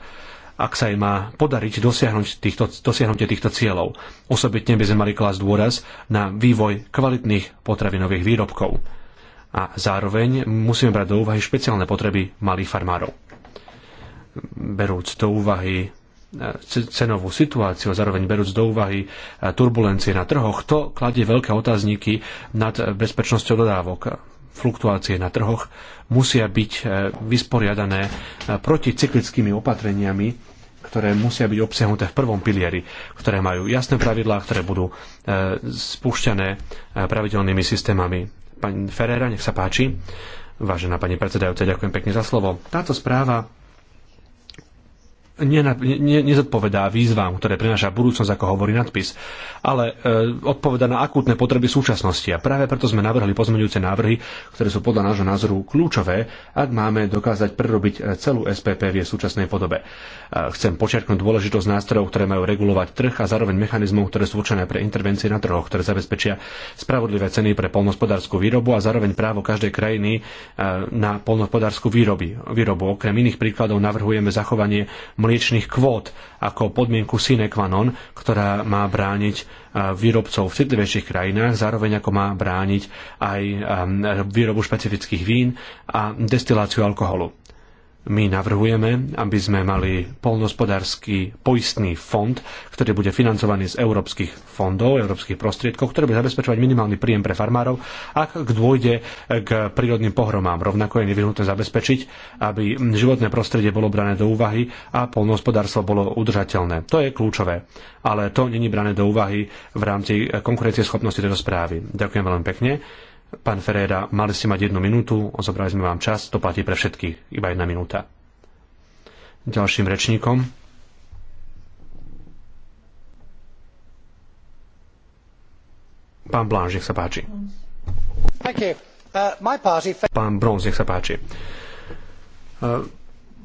ak sa jej má podariť dosiahnuť týchto, dosiahnutie týchto cieľov. Osobitne by sme mali klásť dôraz na vývoj kvalitných potravinových výrobkov a zároveň musíme brať do úvahy špeciálne potreby malých farmárov. Berúc do úvahy e, cenovú situáciu a zároveň berúc do úvahy e, turbulencie na trhoch, to kladie veľké otázniky nad bezpečnosťou dodávok. Fluktuácie na trhoch musia byť e, vysporiadané proti cyklickými opatreniami, ktoré musia byť obsiahnuté v prvom pilieri, ktoré majú jasné pravidlá, ktoré budú spúšťané pravidelnými systémami Pani Ferrera, nech sa páči. Vážená pani predsedajúca, ďakujem pekne za slovo. Táto správa nezodpovedá výzvam, ktoré prináša budúcnosť, ako hovorí nadpis, ale e, odpoveda na akútne potreby súčasnosti. A práve preto sme navrhli pozmeňujúce návrhy, ktoré sú podľa nášho názoru kľúčové, ak máme dokázať prerobiť e, celú SPP v jej súčasnej podobe. E, chcem počiarknúť dôležitosť nástrojov, ktoré majú regulovať trh a zároveň mechanizmov, ktoré sú určené pre intervencie na trhoch, ktoré zabezpečia spravodlivé ceny pre polnospodárskú výrobu a zároveň právo každej krajiny e, na polnospodárskú výrobu. výrobu. Okrem iných príkladov navrhujeme zachovanie mliečných kvót ako podmienku sine qua non, ktorá má brániť e, výrobcov v citlivejších krajinách, zároveň ako má brániť aj e, výrobu špecifických vín a destiláciu alkoholu. My navrhujeme, aby sme mali polnospodársky poistný fond, ktorý bude financovaný z európskych fondov, európskych prostriedkov, ktoré bude zabezpečovať minimálny príjem pre farmárov, ak dôjde k prírodným pohromám. Rovnako je nevyhnutné zabezpečiť, aby životné prostredie bolo brané do úvahy a polnospodárstvo bolo udržateľné. To je kľúčové, ale to není brané do úvahy v rámci konkurencieschopnosti tejto správy. Ďakujem veľmi pekne. Pán Ferreira, mali ste mať jednu minútu, zobrali sme vám čas, to platí pre všetkých, iba jedna minúta. Ďalším rečníkom. Pán Blanche, nech sa páči. Uh, Pán Bronz, nech sa páči. Uh,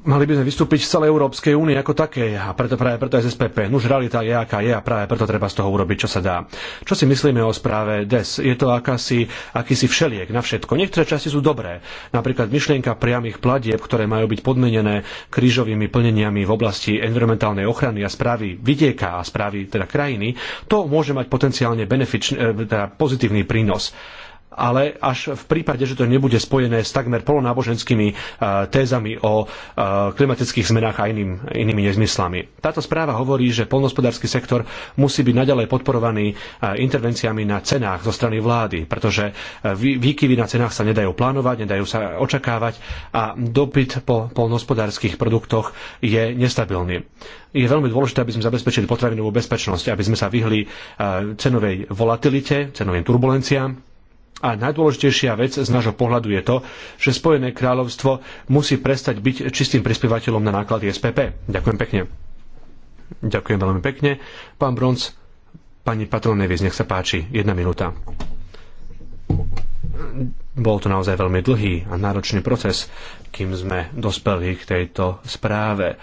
mali by sme vystúpiť z celej Európskej únie ako také, a preto práve preto SPP. Nuž realita je aká je a práve preto treba z toho urobiť, čo sa dá. Čo si myslíme o správe DES? Je to akási, akýsi všeliek na všetko. Niektoré časti sú dobré, napríklad myšlienka priamých platieb, ktoré majú byť podmenené krížovými plneniami v oblasti environmentálnej ochrany a správy vidieka a správy teda krajiny. To môže mať potenciálne benefičný e, teda pozitívny prínos ale až v prípade, že to nebude spojené s takmer polonáboženskými e, tézami o e, klimatických zmenách a iným, inými nezmyslami. Táto správa hovorí, že polnospodársky sektor musí byť naďalej podporovaný e, intervenciami na cenách zo strany vlády, pretože výkyvy na cenách sa nedajú plánovať, nedajú sa očakávať a dopyt po polnospodárskych produktoch je nestabilný je veľmi dôležité, aby sme zabezpečili potravinovú bezpečnosť, aby sme sa vyhli cenovej volatilite, cenovým turbulenciám a najdôležitejšia vec z nášho pohľadu je to, že Spojené kráľovstvo musí prestať byť čistým prispievateľom na náklady SPP. Ďakujem pekne. Ďakujem veľmi pekne. Pán Bronc, pani Patronevis, nech sa páči. Jedna minúta. Bol to naozaj veľmi dlhý a náročný proces, kým sme dospeli k tejto správe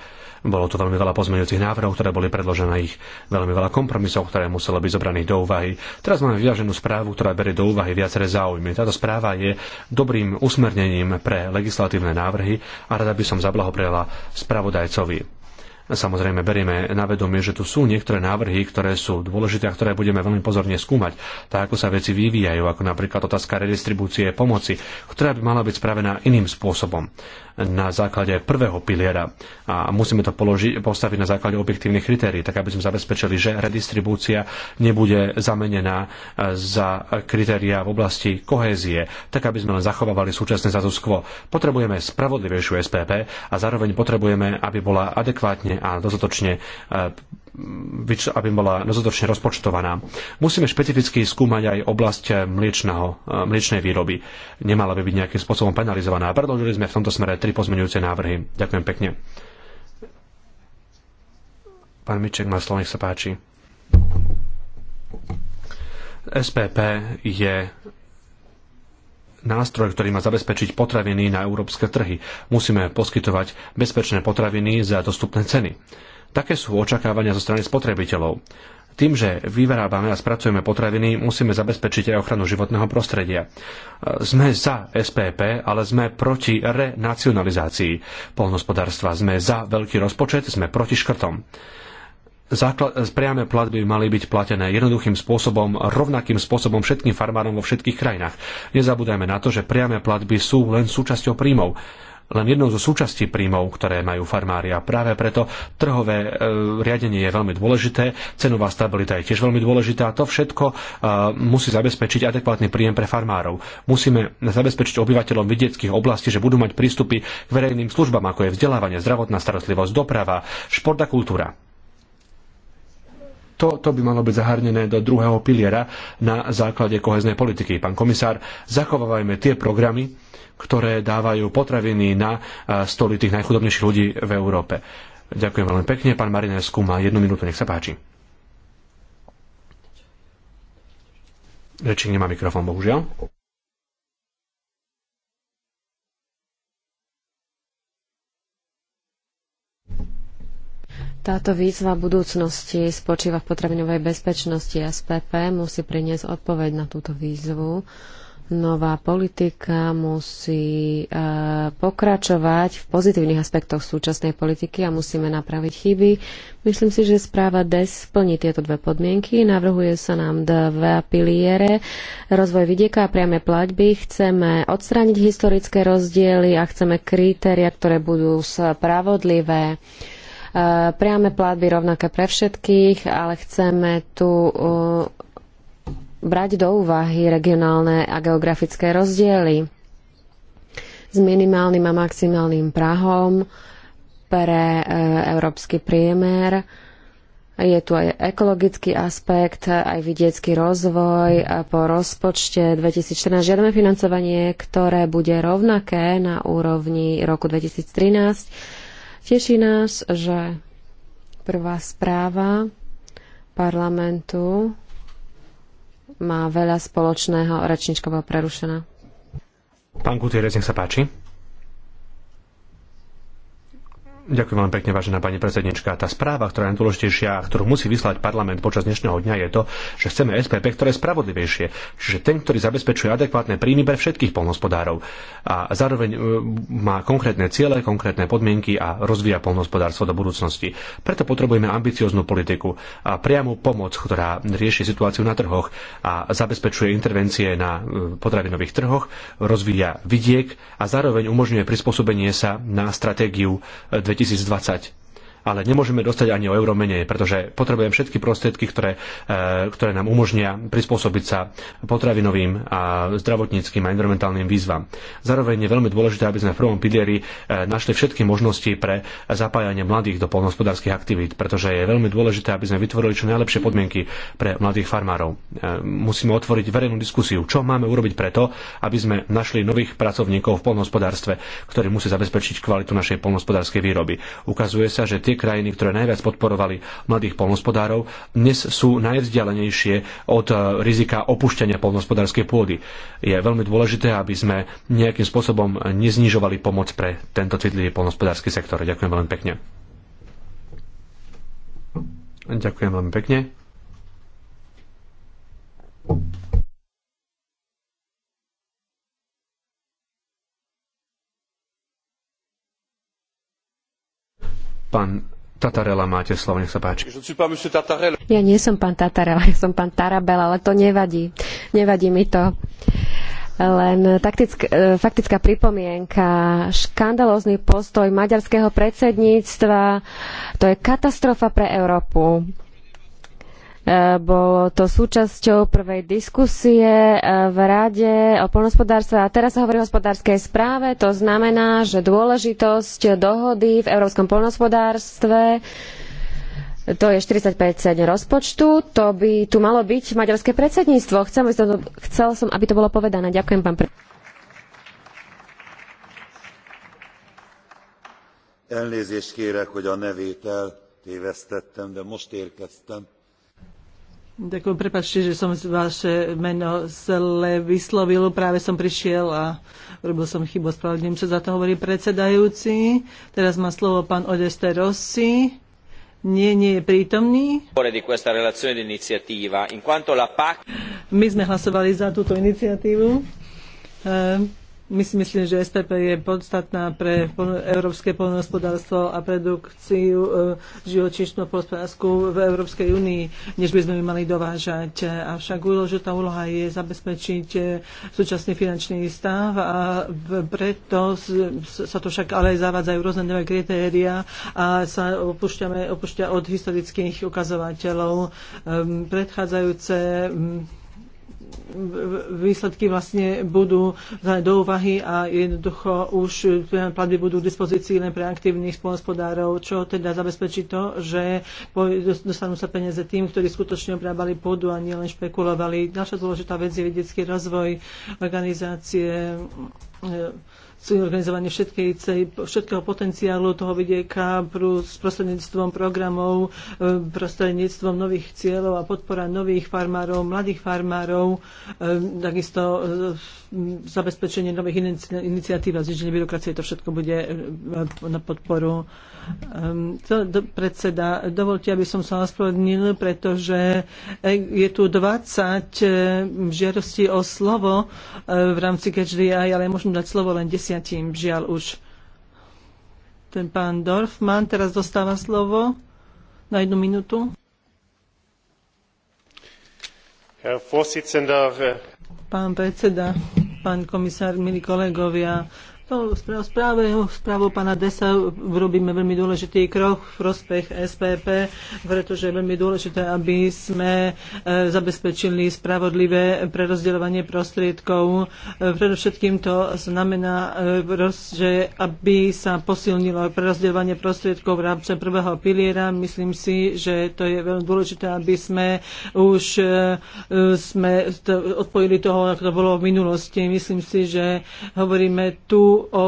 bolo to veľmi veľa pozmeňujúcich návrhov, ktoré boli predložené ich, veľmi veľa kompromisov, ktoré muselo byť zobraných do úvahy. Teraz máme vyváženú správu, ktorá berie do úvahy viaceré záujmy. Táto správa je dobrým usmernením pre legislatívne návrhy a rada by som zablahoprela spravodajcovi. Samozrejme, berieme na vedomie, že tu sú niektoré návrhy, ktoré sú dôležité a ktoré budeme veľmi pozorne skúmať, tak ako sa veci vyvíjajú, ako napríklad otázka redistribúcie pomoci, ktorá by mala byť spravená iným spôsobom na základe prvého piliera a musíme to položi- postaviť na základe objektívnych kritérií, tak aby sme zabezpečili, že redistribúcia nebude zamenená e, za kritériá v oblasti kohézie, tak aby sme len zachovávali súčasné status quo. Potrebujeme spravodlivejšiu SPP a zároveň potrebujeme, aby bola adekvátne a dostatočne e, aby bola dostatočne rozpočtovaná. Musíme špecificky skúmať aj oblasť eh, mliečného, eh, mliečnej výroby. Nemala by byť nejakým spôsobom penalizovaná. Predložili sme v tomto smere tri pozmeňujúce návrhy. Ďakujem pekne. Pán Miček má slovo, nech sa páči. SPP je nástroj, ktorý má zabezpečiť potraviny na európske trhy. Musíme poskytovať bezpečné potraviny za dostupné ceny. Také sú očakávania zo strany spotrebiteľov. Tým, že vyrábame a spracujeme potraviny, musíme zabezpečiť aj ochranu životného prostredia. Sme za SPP, ale sme proti renacionalizácii polnospodárstva. Sme za veľký rozpočet, sme proti škrtom. priame platby mali byť platené jednoduchým spôsobom, rovnakým spôsobom všetkým farmárom vo všetkých krajinách. Nezabúdajme na to, že priame platby sú len súčasťou príjmov len jednou zo súčastí príjmov, ktoré majú farmári a práve preto trhové e, riadenie je veľmi dôležité, cenová stabilita je tiež veľmi dôležitá. To všetko e, musí zabezpečiť adekvátny príjem pre farmárov. Musíme zabezpečiť obyvateľom vidieckých oblastí, že budú mať prístupy k verejným službám, ako je vzdelávanie, zdravotná starostlivosť, doprava, šport a kultúra to, to by malo byť zahrnené do druhého piliera na základe koheznej politiky. Pán komisár, zachovávajme tie programy, ktoré dávajú potraviny na e, stoly tých najchudobnejších ľudí v Európe. Ďakujem veľmi pekne. Pán Marinescu má jednu minútu, nech sa páči. Rečník nemá mikrofón, bohužiaľ. Táto výzva budúcnosti spočíva v potravinovej bezpečnosti. SPP musí priniesť odpoveď na túto výzvu nová politika musí e, pokračovať v pozitívnych aspektoch súčasnej politiky a musíme napraviť chyby. Myslím si, že správa DES splní tieto dve podmienky. Navrhuje sa nám dva piliere. Rozvoj vidieka a priame plaťby. Chceme odstrániť historické rozdiely a chceme kritéria, ktoré budú spravodlivé e, priame platby rovnaké pre všetkých, ale chceme tu e, brať do úvahy regionálne a geografické rozdiely s minimálnym a maximálnym prahom pre e, európsky priemer. Je tu aj ekologický aspekt, aj vidiecký rozvoj. A po rozpočte 2014 žiadame financovanie, ktoré bude rovnaké na úrovni roku 2013. Teší nás, že prvá správa parlamentu má veľa spoločného. Rečnička bola prerušená. Pán Gutierrez, nech sa páči. Ďakujem veľmi pekne, vážená pani predsednička. Tá správa, ktorá je najdôležitejšia a ktorú musí vyslať parlament počas dnešného dňa, je to, že chceme SPP, ktoré je spravodlivejšie. Čiže ten, ktorý zabezpečuje adekvátne príjmy pre všetkých polnospodárov a zároveň e, má konkrétne ciele, konkrétne podmienky a rozvíja polnospodárstvo do budúcnosti. Preto potrebujeme ambicióznu politiku a priamu pomoc, ktorá rieši situáciu na trhoch a zabezpečuje intervencie na e, potravinových trhoch, rozvíja vidiek a zároveň umožňuje prispôsobenie sa na stratégiu e, 2020 ale nemôžeme dostať ani o euro menej, pretože potrebujem všetky prostriedky, ktoré, e, ktoré nám umožnia prispôsobiť sa potravinovým a zdravotníckým a environmentálnym výzvam. Zároveň je veľmi dôležité, aby sme v prvom pilieri e, našli všetky možnosti pre zapájanie mladých do polnohospodárskych aktivít, pretože je veľmi dôležité, aby sme vytvorili čo najlepšie podmienky pre mladých farmárov. E, musíme otvoriť verejnú diskusiu, čo máme urobiť preto, aby sme našli nových pracovníkov v polnohospodárstve, ktorí musí zabezpečiť kvalitu našej polnohospodárskej výroby. Ukazuje sa, že tie, tie krajiny, ktoré najviac podporovali mladých polnospodárov, dnes sú najvzdialenejšie od e, rizika opušťania polnospodárskej pôdy. Je veľmi dôležité, aby sme nejakým spôsobom neznižovali pomoc pre tento citlivý polnospodársky sektor. Ďakujem veľmi pekne. Ďakujem veľmi pekne. Pán Tatarela máte slovo, nech sa páči. Ja nie som pán Tatarela, ja som pán Tarabela, ale to nevadí. Nevadí mi to. Len taktick, e, faktická pripomienka. Škandalózny postoj maďarského predsedníctva, to je katastrofa pre Európu. Eh, bolo to súčasťou prvej diskusie eh, v Rade o poľnohospodárstve a teraz sa hovorí o hospodárskej správe. To znamená, že dôležitosť dohody v európskom poľnohospodárstve to je 45 rozpočtu, to by tu malo byť maďarské predsedníctvo. Chcela chcel som, aby to bolo povedané. Ďakujem, pán pre... Elnézést kérek, hogy a nevét eltévesztettem, de most érkeztem. Ďakujem, prepačte, že som vaše meno zle vyslovil. Práve som prišiel a robil som chybu. spravedlím, sa za to, hovorí predsedajúci. Teraz má slovo pán Odeste Rossi. Nie, nie je prítomný. My sme hlasovali za túto iniciatívu. Ehm, my si myslím, že SPP je podstatná pre európske poľnohospodárstvo a produkciu e, živočíšno hospodárskú v Európskej únii, než by sme ju mali dovážať. Avšak tá úloha je zabezpečiť e, súčasný finančný stav a preto sa to však ale zavádzajú rôzne nové kritéria a sa opúšťame, opúšťa od historických ukazovateľov. Ehm, predchádzajúce výsledky vlastne budú do úvahy a jednoducho už platby budú k dispozícii len pre aktívnych spolospodárov, čo teda zabezpečí to, že dostanú sa peniaze tým, ktorí skutočne obrábali pôdu a nielen špekulovali. Naša dôležitá vec je vedecký rozvoj organizácie e, zorganizovanie všetkého potenciálu toho vidieka s prostredníctvom programov, e, prostredníctvom nových cieľov a podpora nových farmárov, mladých farmárov, e, takisto e, zabezpečenie nových iniciatív a zniženie byrokracie, to všetko bude na podporu Ehm, to, do, predseda, dovolte, aby som sa ospravedlnil, pretože e, je tu 20 e, žiadostí o slovo e, v rámci KHDI, ale môžem dať slovo len desiatim, žiaľ už. Ten pán Dorfman teraz dostáva slovo na jednu minútu. Äh, pán predseda, pán komisár, milí kolegovia, Správe, správu pána Desa robíme veľmi dôležitý krok v prospech SPP, pretože je veľmi dôležité, aby sme e, zabezpečili spravodlivé prerozdeľovanie prostriedkov. E, predovšetkým to znamená, e, že aby sa posilnilo prerozdeľovanie prostriedkov v rámci prvého piliera. Myslím si, že to je veľmi dôležité, aby sme už sme odpojili toho, ako to bolo v minulosti. Myslím si, že hovoríme tu o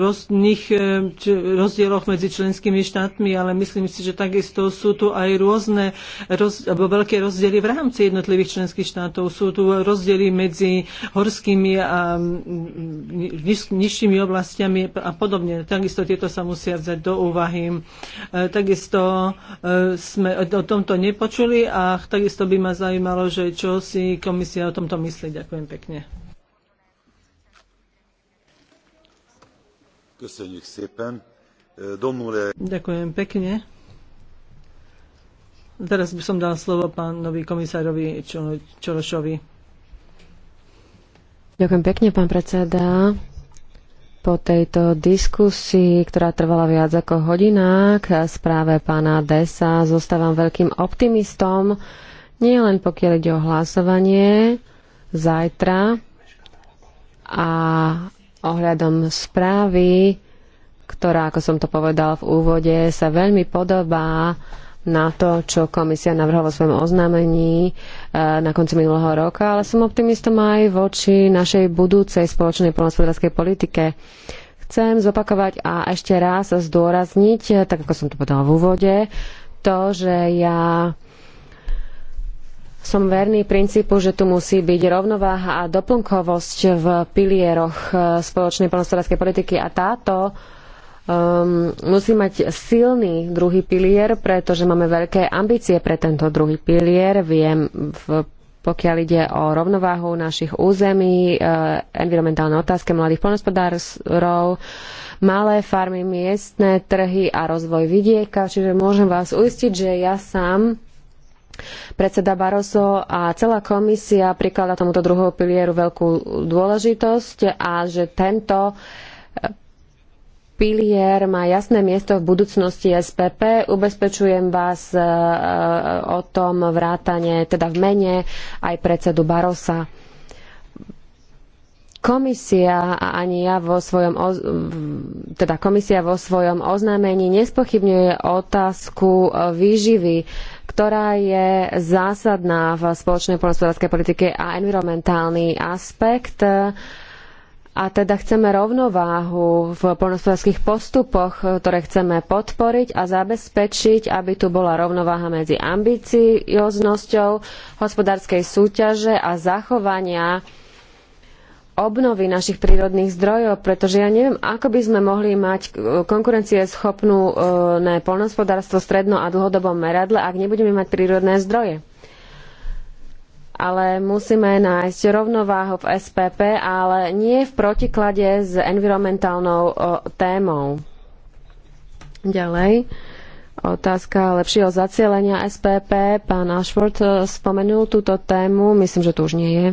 rôznych e, rozdieloch medzi členskými štátmi, ale myslím si, že takisto sú tu aj rôzne roz, alebo veľké rozdiely v rámci jednotlivých členských štátov. Sú tu rozdiely medzi horskými a niž, nižšími oblastiami a podobne. Takisto tieto sa musia vzať do úvahy. E, takisto e, sme o tomto nepočuli a takisto by ma zaujímalo, že čo si komisia o tomto myslí. Ďakujem pekne. Ďakujem pekne. Teraz by som dal slovo pánovi komisárovi Čorošovi. Ďakujem pekne, pán predseda. Po tejto diskusii, ktorá trvala viac ako hodina, k správe pána Desa zostávam veľkým optimistom, nie len pokiaľ ide o hlasovanie zajtra a ohľadom správy, ktorá, ako som to povedal v úvode, sa veľmi podobá na to, čo komisia navrhla vo svojom oznámení e, na konci minulého roka, ale som optimistom aj voči našej budúcej spoločnej poľnohospodárskej politike. Chcem zopakovať a ešte raz zdôrazniť, e, tak ako som to povedala v úvode, to, že ja som verný princípu, že tu musí byť rovnováha a doplnkovosť v pilieroch e, spoločnej plnospodárskej politiky a táto um, musí mať silný druhý pilier, pretože máme veľké ambície pre tento druhý pilier. Viem, v, pokiaľ ide o rovnováhu našich území, e, environmentálne otázky mladých plnospodárov, malé farmy, miestne trhy a rozvoj vidieka. Čiže môžem vás uistiť, že ja sám Predseda Barroso a celá komisia prikladá tomuto druhému pilieru veľkú dôležitosť a že tento eh, pilier má jasné miesto v budúcnosti SPP. Ubezpečujem vás eh, eh, o tom vrátane, teda v mene aj predsedu Barosa. Komisia a ani ja vo svojom, teda komisia vo svojom oznámení nespochybňuje otázku výživy ktorá je zásadná v spoločnej poľnohospodárskej politike a environmentálny aspekt. A teda chceme rovnováhu v poľnohospodárských postupoch, ktoré chceme podporiť a zabezpečiť, aby tu bola rovnováha medzi ambicioznosťou hospodárskej súťaže a zachovania obnovy našich prírodných zdrojov, pretože ja neviem, ako by sme mohli mať e, konkurencieschopnú ne, polnospodárstvo stredno a dlhodobom meradle, ak nebudeme mať prírodné zdroje. Ale musíme nájsť rovnováhu v SPP, ale nie v protiklade s environmentálnou e, témou. Ďalej. Otázka lepšieho zacielenia SPP. Pán Ashford e, spomenul túto tému. Myslím, že tu už nie je.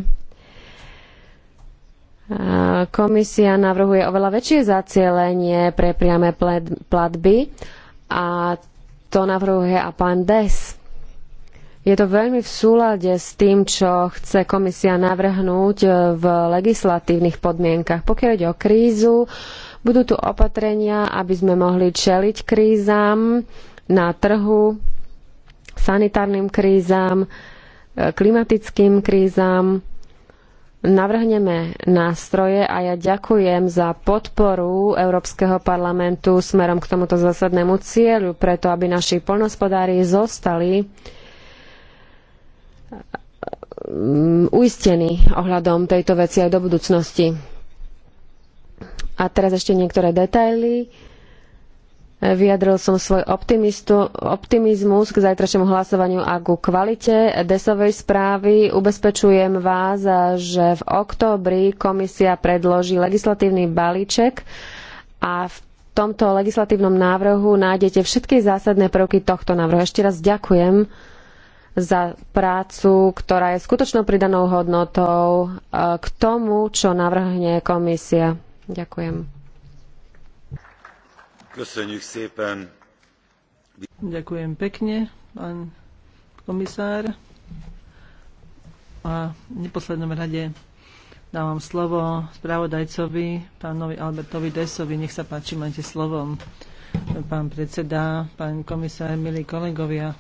Komisia navrhuje oveľa väčšie zacielenie pre priame platby a to navrhuje a pán Des. Je to veľmi v súlade s tým, čo chce komisia navrhnúť e, v legislatívnych podmienkach. Pokiaľ ide o krízu, budú tu opatrenia, aby sme mohli čeliť krízam na trhu, sanitárnym krízam, e, klimatickým krízam, navrhneme nástroje a ja ďakujem za podporu Európskeho parlamentu smerom k tomuto zásadnému cieľu, preto aby naši poľnohospodári zostali mm, uistení ohľadom tejto veci aj do budúcnosti. A teraz ešte niektoré detaily. Vyjadril som svoj optimizmus k zajtrašnému hlasovaniu a ku kvalite desovej správy. Ubezpečujem vás, že v októbri komisia predloží legislatívny balíček a v tomto legislatívnom návrhu nájdete všetky zásadné prvky tohto návrhu. Ešte raz ďakujem za prácu, ktorá je skutočnou pridanou hodnotou eh, k tomu, čo navrhne komisia. Ďakujem. Ďakujem pekne, pán komisár. A v neposlednom rade dávam slovo spravodajcovi, pánovi Albertovi Desovi. Nech sa páči, máte slovom, Pán predseda, pán komisár, milí kolegovia.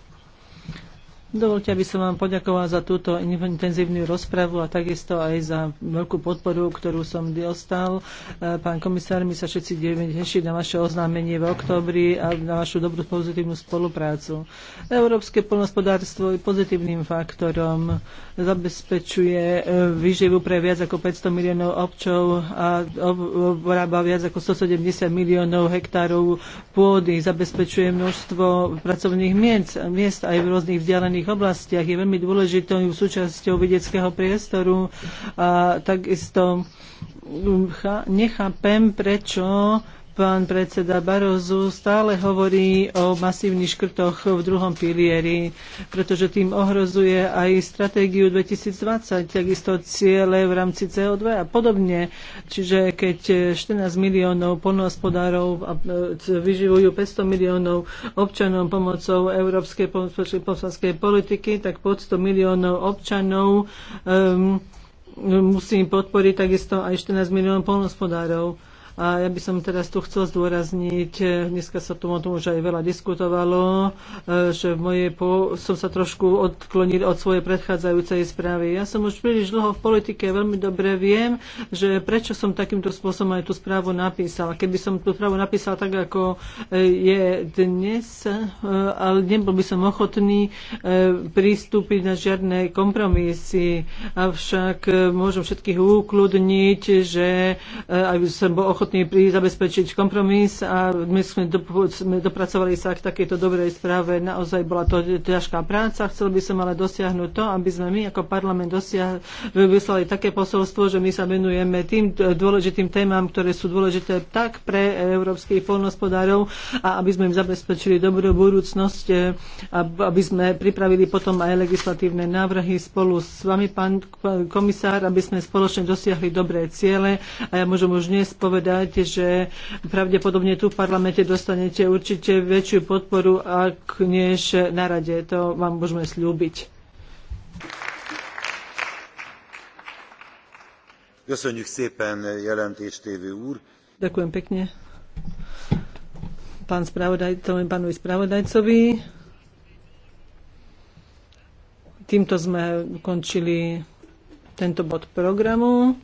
Dovolte, aby som vám poďakoval za túto intenzívnu rozpravu a takisto aj za veľkú podporu, ktorú som dostal. E, pán komisár, my sa všetci teší na vaše oznámenie v oktobri a na vašu dobrú pozitívnu spoluprácu. Európske polnospodárstvo je pozitívnym faktorom, zabezpečuje e, výživu pre viac ako 500 miliónov občov a obrába viac ako 170 miliónov hektárov pôdy, zabezpečuje množstvo pracovných miest, miest aj v rôznych vzdialených rôznych oblastiach, je veľmi dôležitou súčasťou vedeckého priestoru a takisto mm, nechápem, prečo pán predseda Barozu stále hovorí o masívnych škrtoch v druhom pilieri, pretože tým ohrozuje aj stratégiu 2020, takisto ciele v rámci CO2 a podobne. Čiže keď 14 miliónov polnohospodárov e, vyživujú 500 miliónov občanov pomocou európskej poslanskej politiky, tak pod 100 miliónov občanov um, musí podporiť takisto aj 14 miliónov polnohospodárov a ja by som teraz tu chcel zdôrazniť, eh, dneska sa tomu tomu už aj veľa diskutovalo, eh, že v mojej po, som sa trošku odklonil od svojej predchádzajúcej správy. Ja som už príliš dlho v politike, veľmi dobre viem, že prečo som takýmto spôsobom aj tú správu napísal. Keby som tú správu napísal tak, ako eh, je dnes, ale nebol by som ochotný pristúpiť na žiadne kompromisy. Avšak môžem všetkých ukludniť, že aj by som bol ochotný ochotní zabezpečiť kompromis a my sme, do, sme dopracovali sa k takejto dobrej správe. Naozaj bola to ťažká práca. Chcel by som ale dosiahnuť to, aby sme my ako parlament dosiah, vyslali také posolstvo, že my sa venujeme tým dôležitým témam, ktoré sú dôležité tak pre európskych polnospodárov a aby sme im zabezpečili dobrú budúcnosť, eh, aby sme pripravili potom aj legislatívne návrhy spolu s vami, pán komisár, aby sme spoločne dosiahli dobré ciele. A ja môžem už dnes povedať, povedať, že pravdepodobne tu v parlamente dostanete určite väčšiu podporu, ak než na rade. To vám môžeme slúbiť. Ďakujem pekne pán spravodajcovi, pánovi spravodajcovi. Týmto sme ukončili tento bod programu.